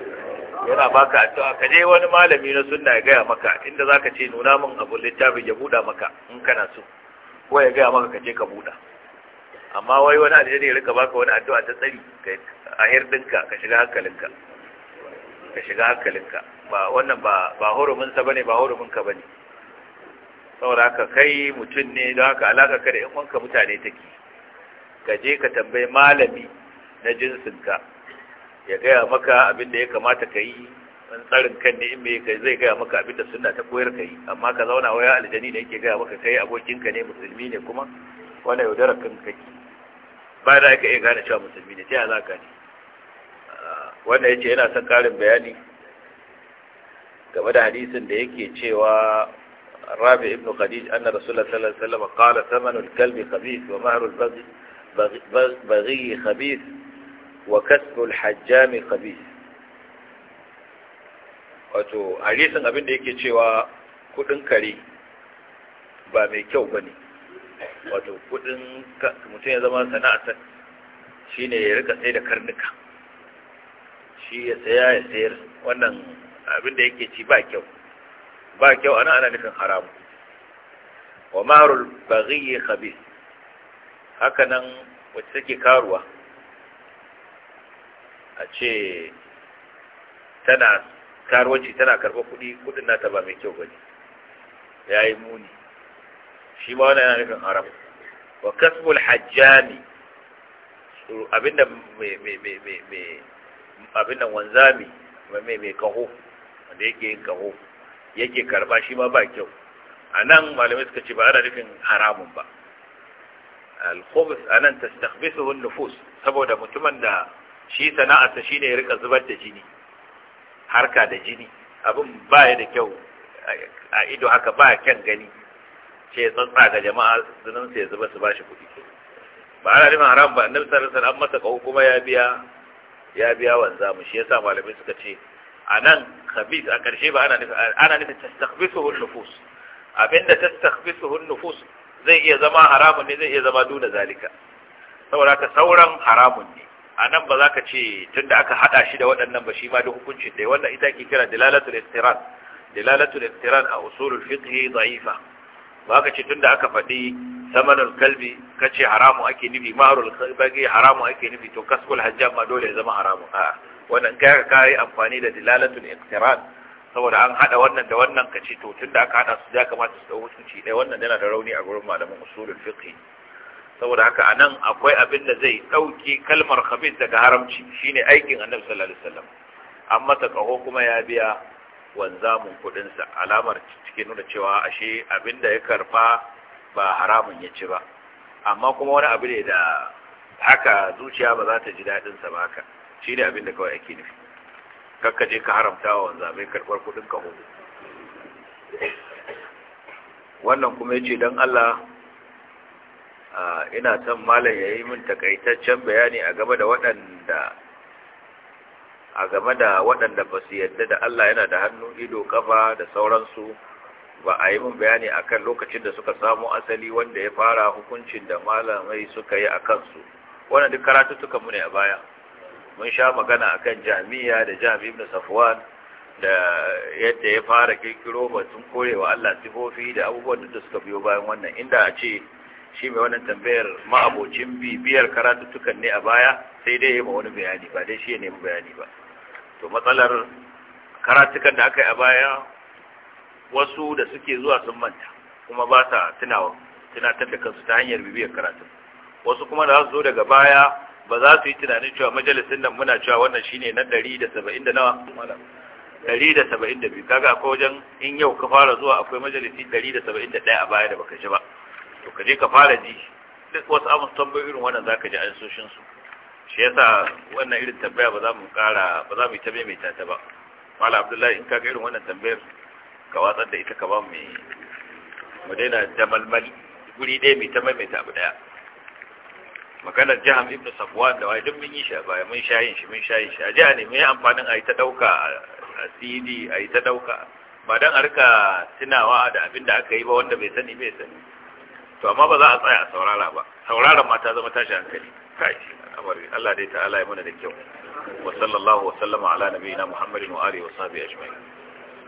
[SPEAKER 2] yana baka addu'a ka je wani malami na sunna ya gaya maka inda za ka ce nuna min abun littafin ya buɗa maka in kana so ko ya gaya maka ka je ka buɗa amma wai wani aljani ya rika baka wani addu'a ta tsari a hirdinka ka shiga hankalinka ka shiga hankalinka ba wannan ba ba ne, sa bane ba ne. ka saboda haka kai mutum ne don haka alaka ka da yan uwanka mutane take ka je ka tambayi malami na ka. ya gaya maka abin da ya kamata ka yi in tsarin kan ne in mai kai zai gaya maka abin da sunna ta koyar ka yi amma ka zauna waya aljani ne yake gaya maka kai abokinka ne musulmi ne kuma wani yaudarar kan kake ba da aka iya gane cewa musulmi ne ta yaya za ka ne wanda ya ce yana son karin bayani game da hadisin da yake cewa rabi ibn khadij anna rasulullah sallallahu alaihi wasallam qala thamanu al-kalbi khabith wa mahru al-baghi khabith wa kasbu al-hajjam khabith wato hadisin abin da yake cewa kudin kare ba mai kyau bane wato kudin mutum ya zama sana'a shine ya rika sai da karnuka shi ya saya ya sayar wannan abin da yake ci ba kyau ba kyau ana ana nufin haramu wa marul baghi khabith haka nan wacce take karuwa a ce tana karuwanci tana karɓar kuɗi kuɗin nata ba mai kyau ba ne ya yi muni shi ma wani yana nufin haram wa kasbul hajjani abinda mai abin nan wanzami mai mai kaho wanda yake yin kaho yake karba shi ma ba kyau a nan malamai suka ce ba ana nufin haramun ba al-khubus anan tastakhbisuhu an-nufus saboda mutumin da shi sana'arsa shine ya rika zubar da jini harka da jini abin ba ya da kyau a ido haka ba kyan gani ce ya tsantsa ga jama'a zunansa ya zuba su ba shi kuɗi ba ana nufin haram ba annabi sallallahu alaihi wasallam masa kawo kuma ya biya ya biya wanzamu shi yasa malamai suka ce anan khabith a karshe ba ana nufi ana nufi tastakhbisuhu an-nufus abinda tastakhbisuhu an-nufus zai iya zama haramun ne zai iya zama duna zalika saboda ka sauran haramun ne anan ba za ka ce tunda aka hada shi da waɗannan ba shi ma da hukuncin da wannan ita ke kira dilalatul istiran dilalatul istiran a usulul fiqh da'ifa ba ka ce tunda aka faɗi samanul kalbi kace haramu ake nufi maharul kalbi haramu ake nufi to kaskul hajjam ma dole ya zama haramu a wannan kai ka kai amfani da dilalatul iqtiran saboda an hada wannan da wannan kace to tunda aka hada su ya kamata su dau hukunci dai wannan yana da rauni a gurin malamin usulul fiqh saboda haka anan akwai abin da zai ɗauki kalmar khabis daga haramci shine aikin annabi sallallahu alaihi wasallam amma ta kaho kuma ya biya wanzamun kuɗinsa alamar cikin nuna cewa ashe abin da ya karba ba haramun ya ci ba amma kuma wani abu ne da haka zuciya ba za ta ji daɗinsa ba haka shi ne abin da kawai ake nufi kakka je ka haramta wa wanzu mai karɓar kuɗin ka hudu wannan kuma ya ce don allah ina son malam ya yi min takaitaccen bayani a game da waɗanda a game da waɗanda ba su yadda da allah yana da hannu ido kafa da sauransu ba a yi mun bayani a kan lokacin da suka samu asali wanda ya fara hukuncin da malamai suka yi a kansu wannan duk karatuttukan mu ne a baya mun sha magana a kan jami'a da jami'a ibn safwan da yadda ya fara kirkiro batun korewa Allah sifofi da abubuwan da suka biyo bayan wannan inda a ce shi mai wannan tambayar ma'abocin bibiyar karatuttukan ne a baya sai dai ya ma wani bayani ba dai shi ya nemi bayani ba to matsalar karatukan da aka yi a baya wasu da suke zuwa sun manta kuma ba sa tunawa tunatar da kansu ta hanyar bibiyar karatu wasu kuma da su zo daga baya ba za su yi tunanin cewa majalisin nan muna cewa wannan shine na 170 da nawa Dari da saba'in da biyu kaga akwai wajen in yau ka fara zuwa akwai majalisi dari da saba'in da ɗaya a baya da baka ji ba to ka je ka fara ji duk wasu amsa tambayoyi irin wannan zaka ji ansoshin su shi yasa wannan irin tambaya ba za mu kara ba za mu yi ta mai ta ba mala abdullahi in ka ga irin wannan tambayar ka watsar da ita ka ba mu mu daina da malmali guri ɗaya mai ta maimaita abu ɗaya maganar jiham ibn safwan da wai duk mun yi shi a baya mun sha yin shi mun sha yin shi a jiha ne yi amfanin a yi ta ɗauka a cd a yi ta ɗauka ba don a rika tunawa da abin da aka yi ba wanda bai sani bai sani to amma ba za a tsaya a saurara ba sauraron mata zama tashi hankali kai amari Allah dai ta'ala
[SPEAKER 1] ya mana da kyau wa sallallahu wa sallama ala nabiyina Muhammadin wa alihi wa sahbihi ajma'in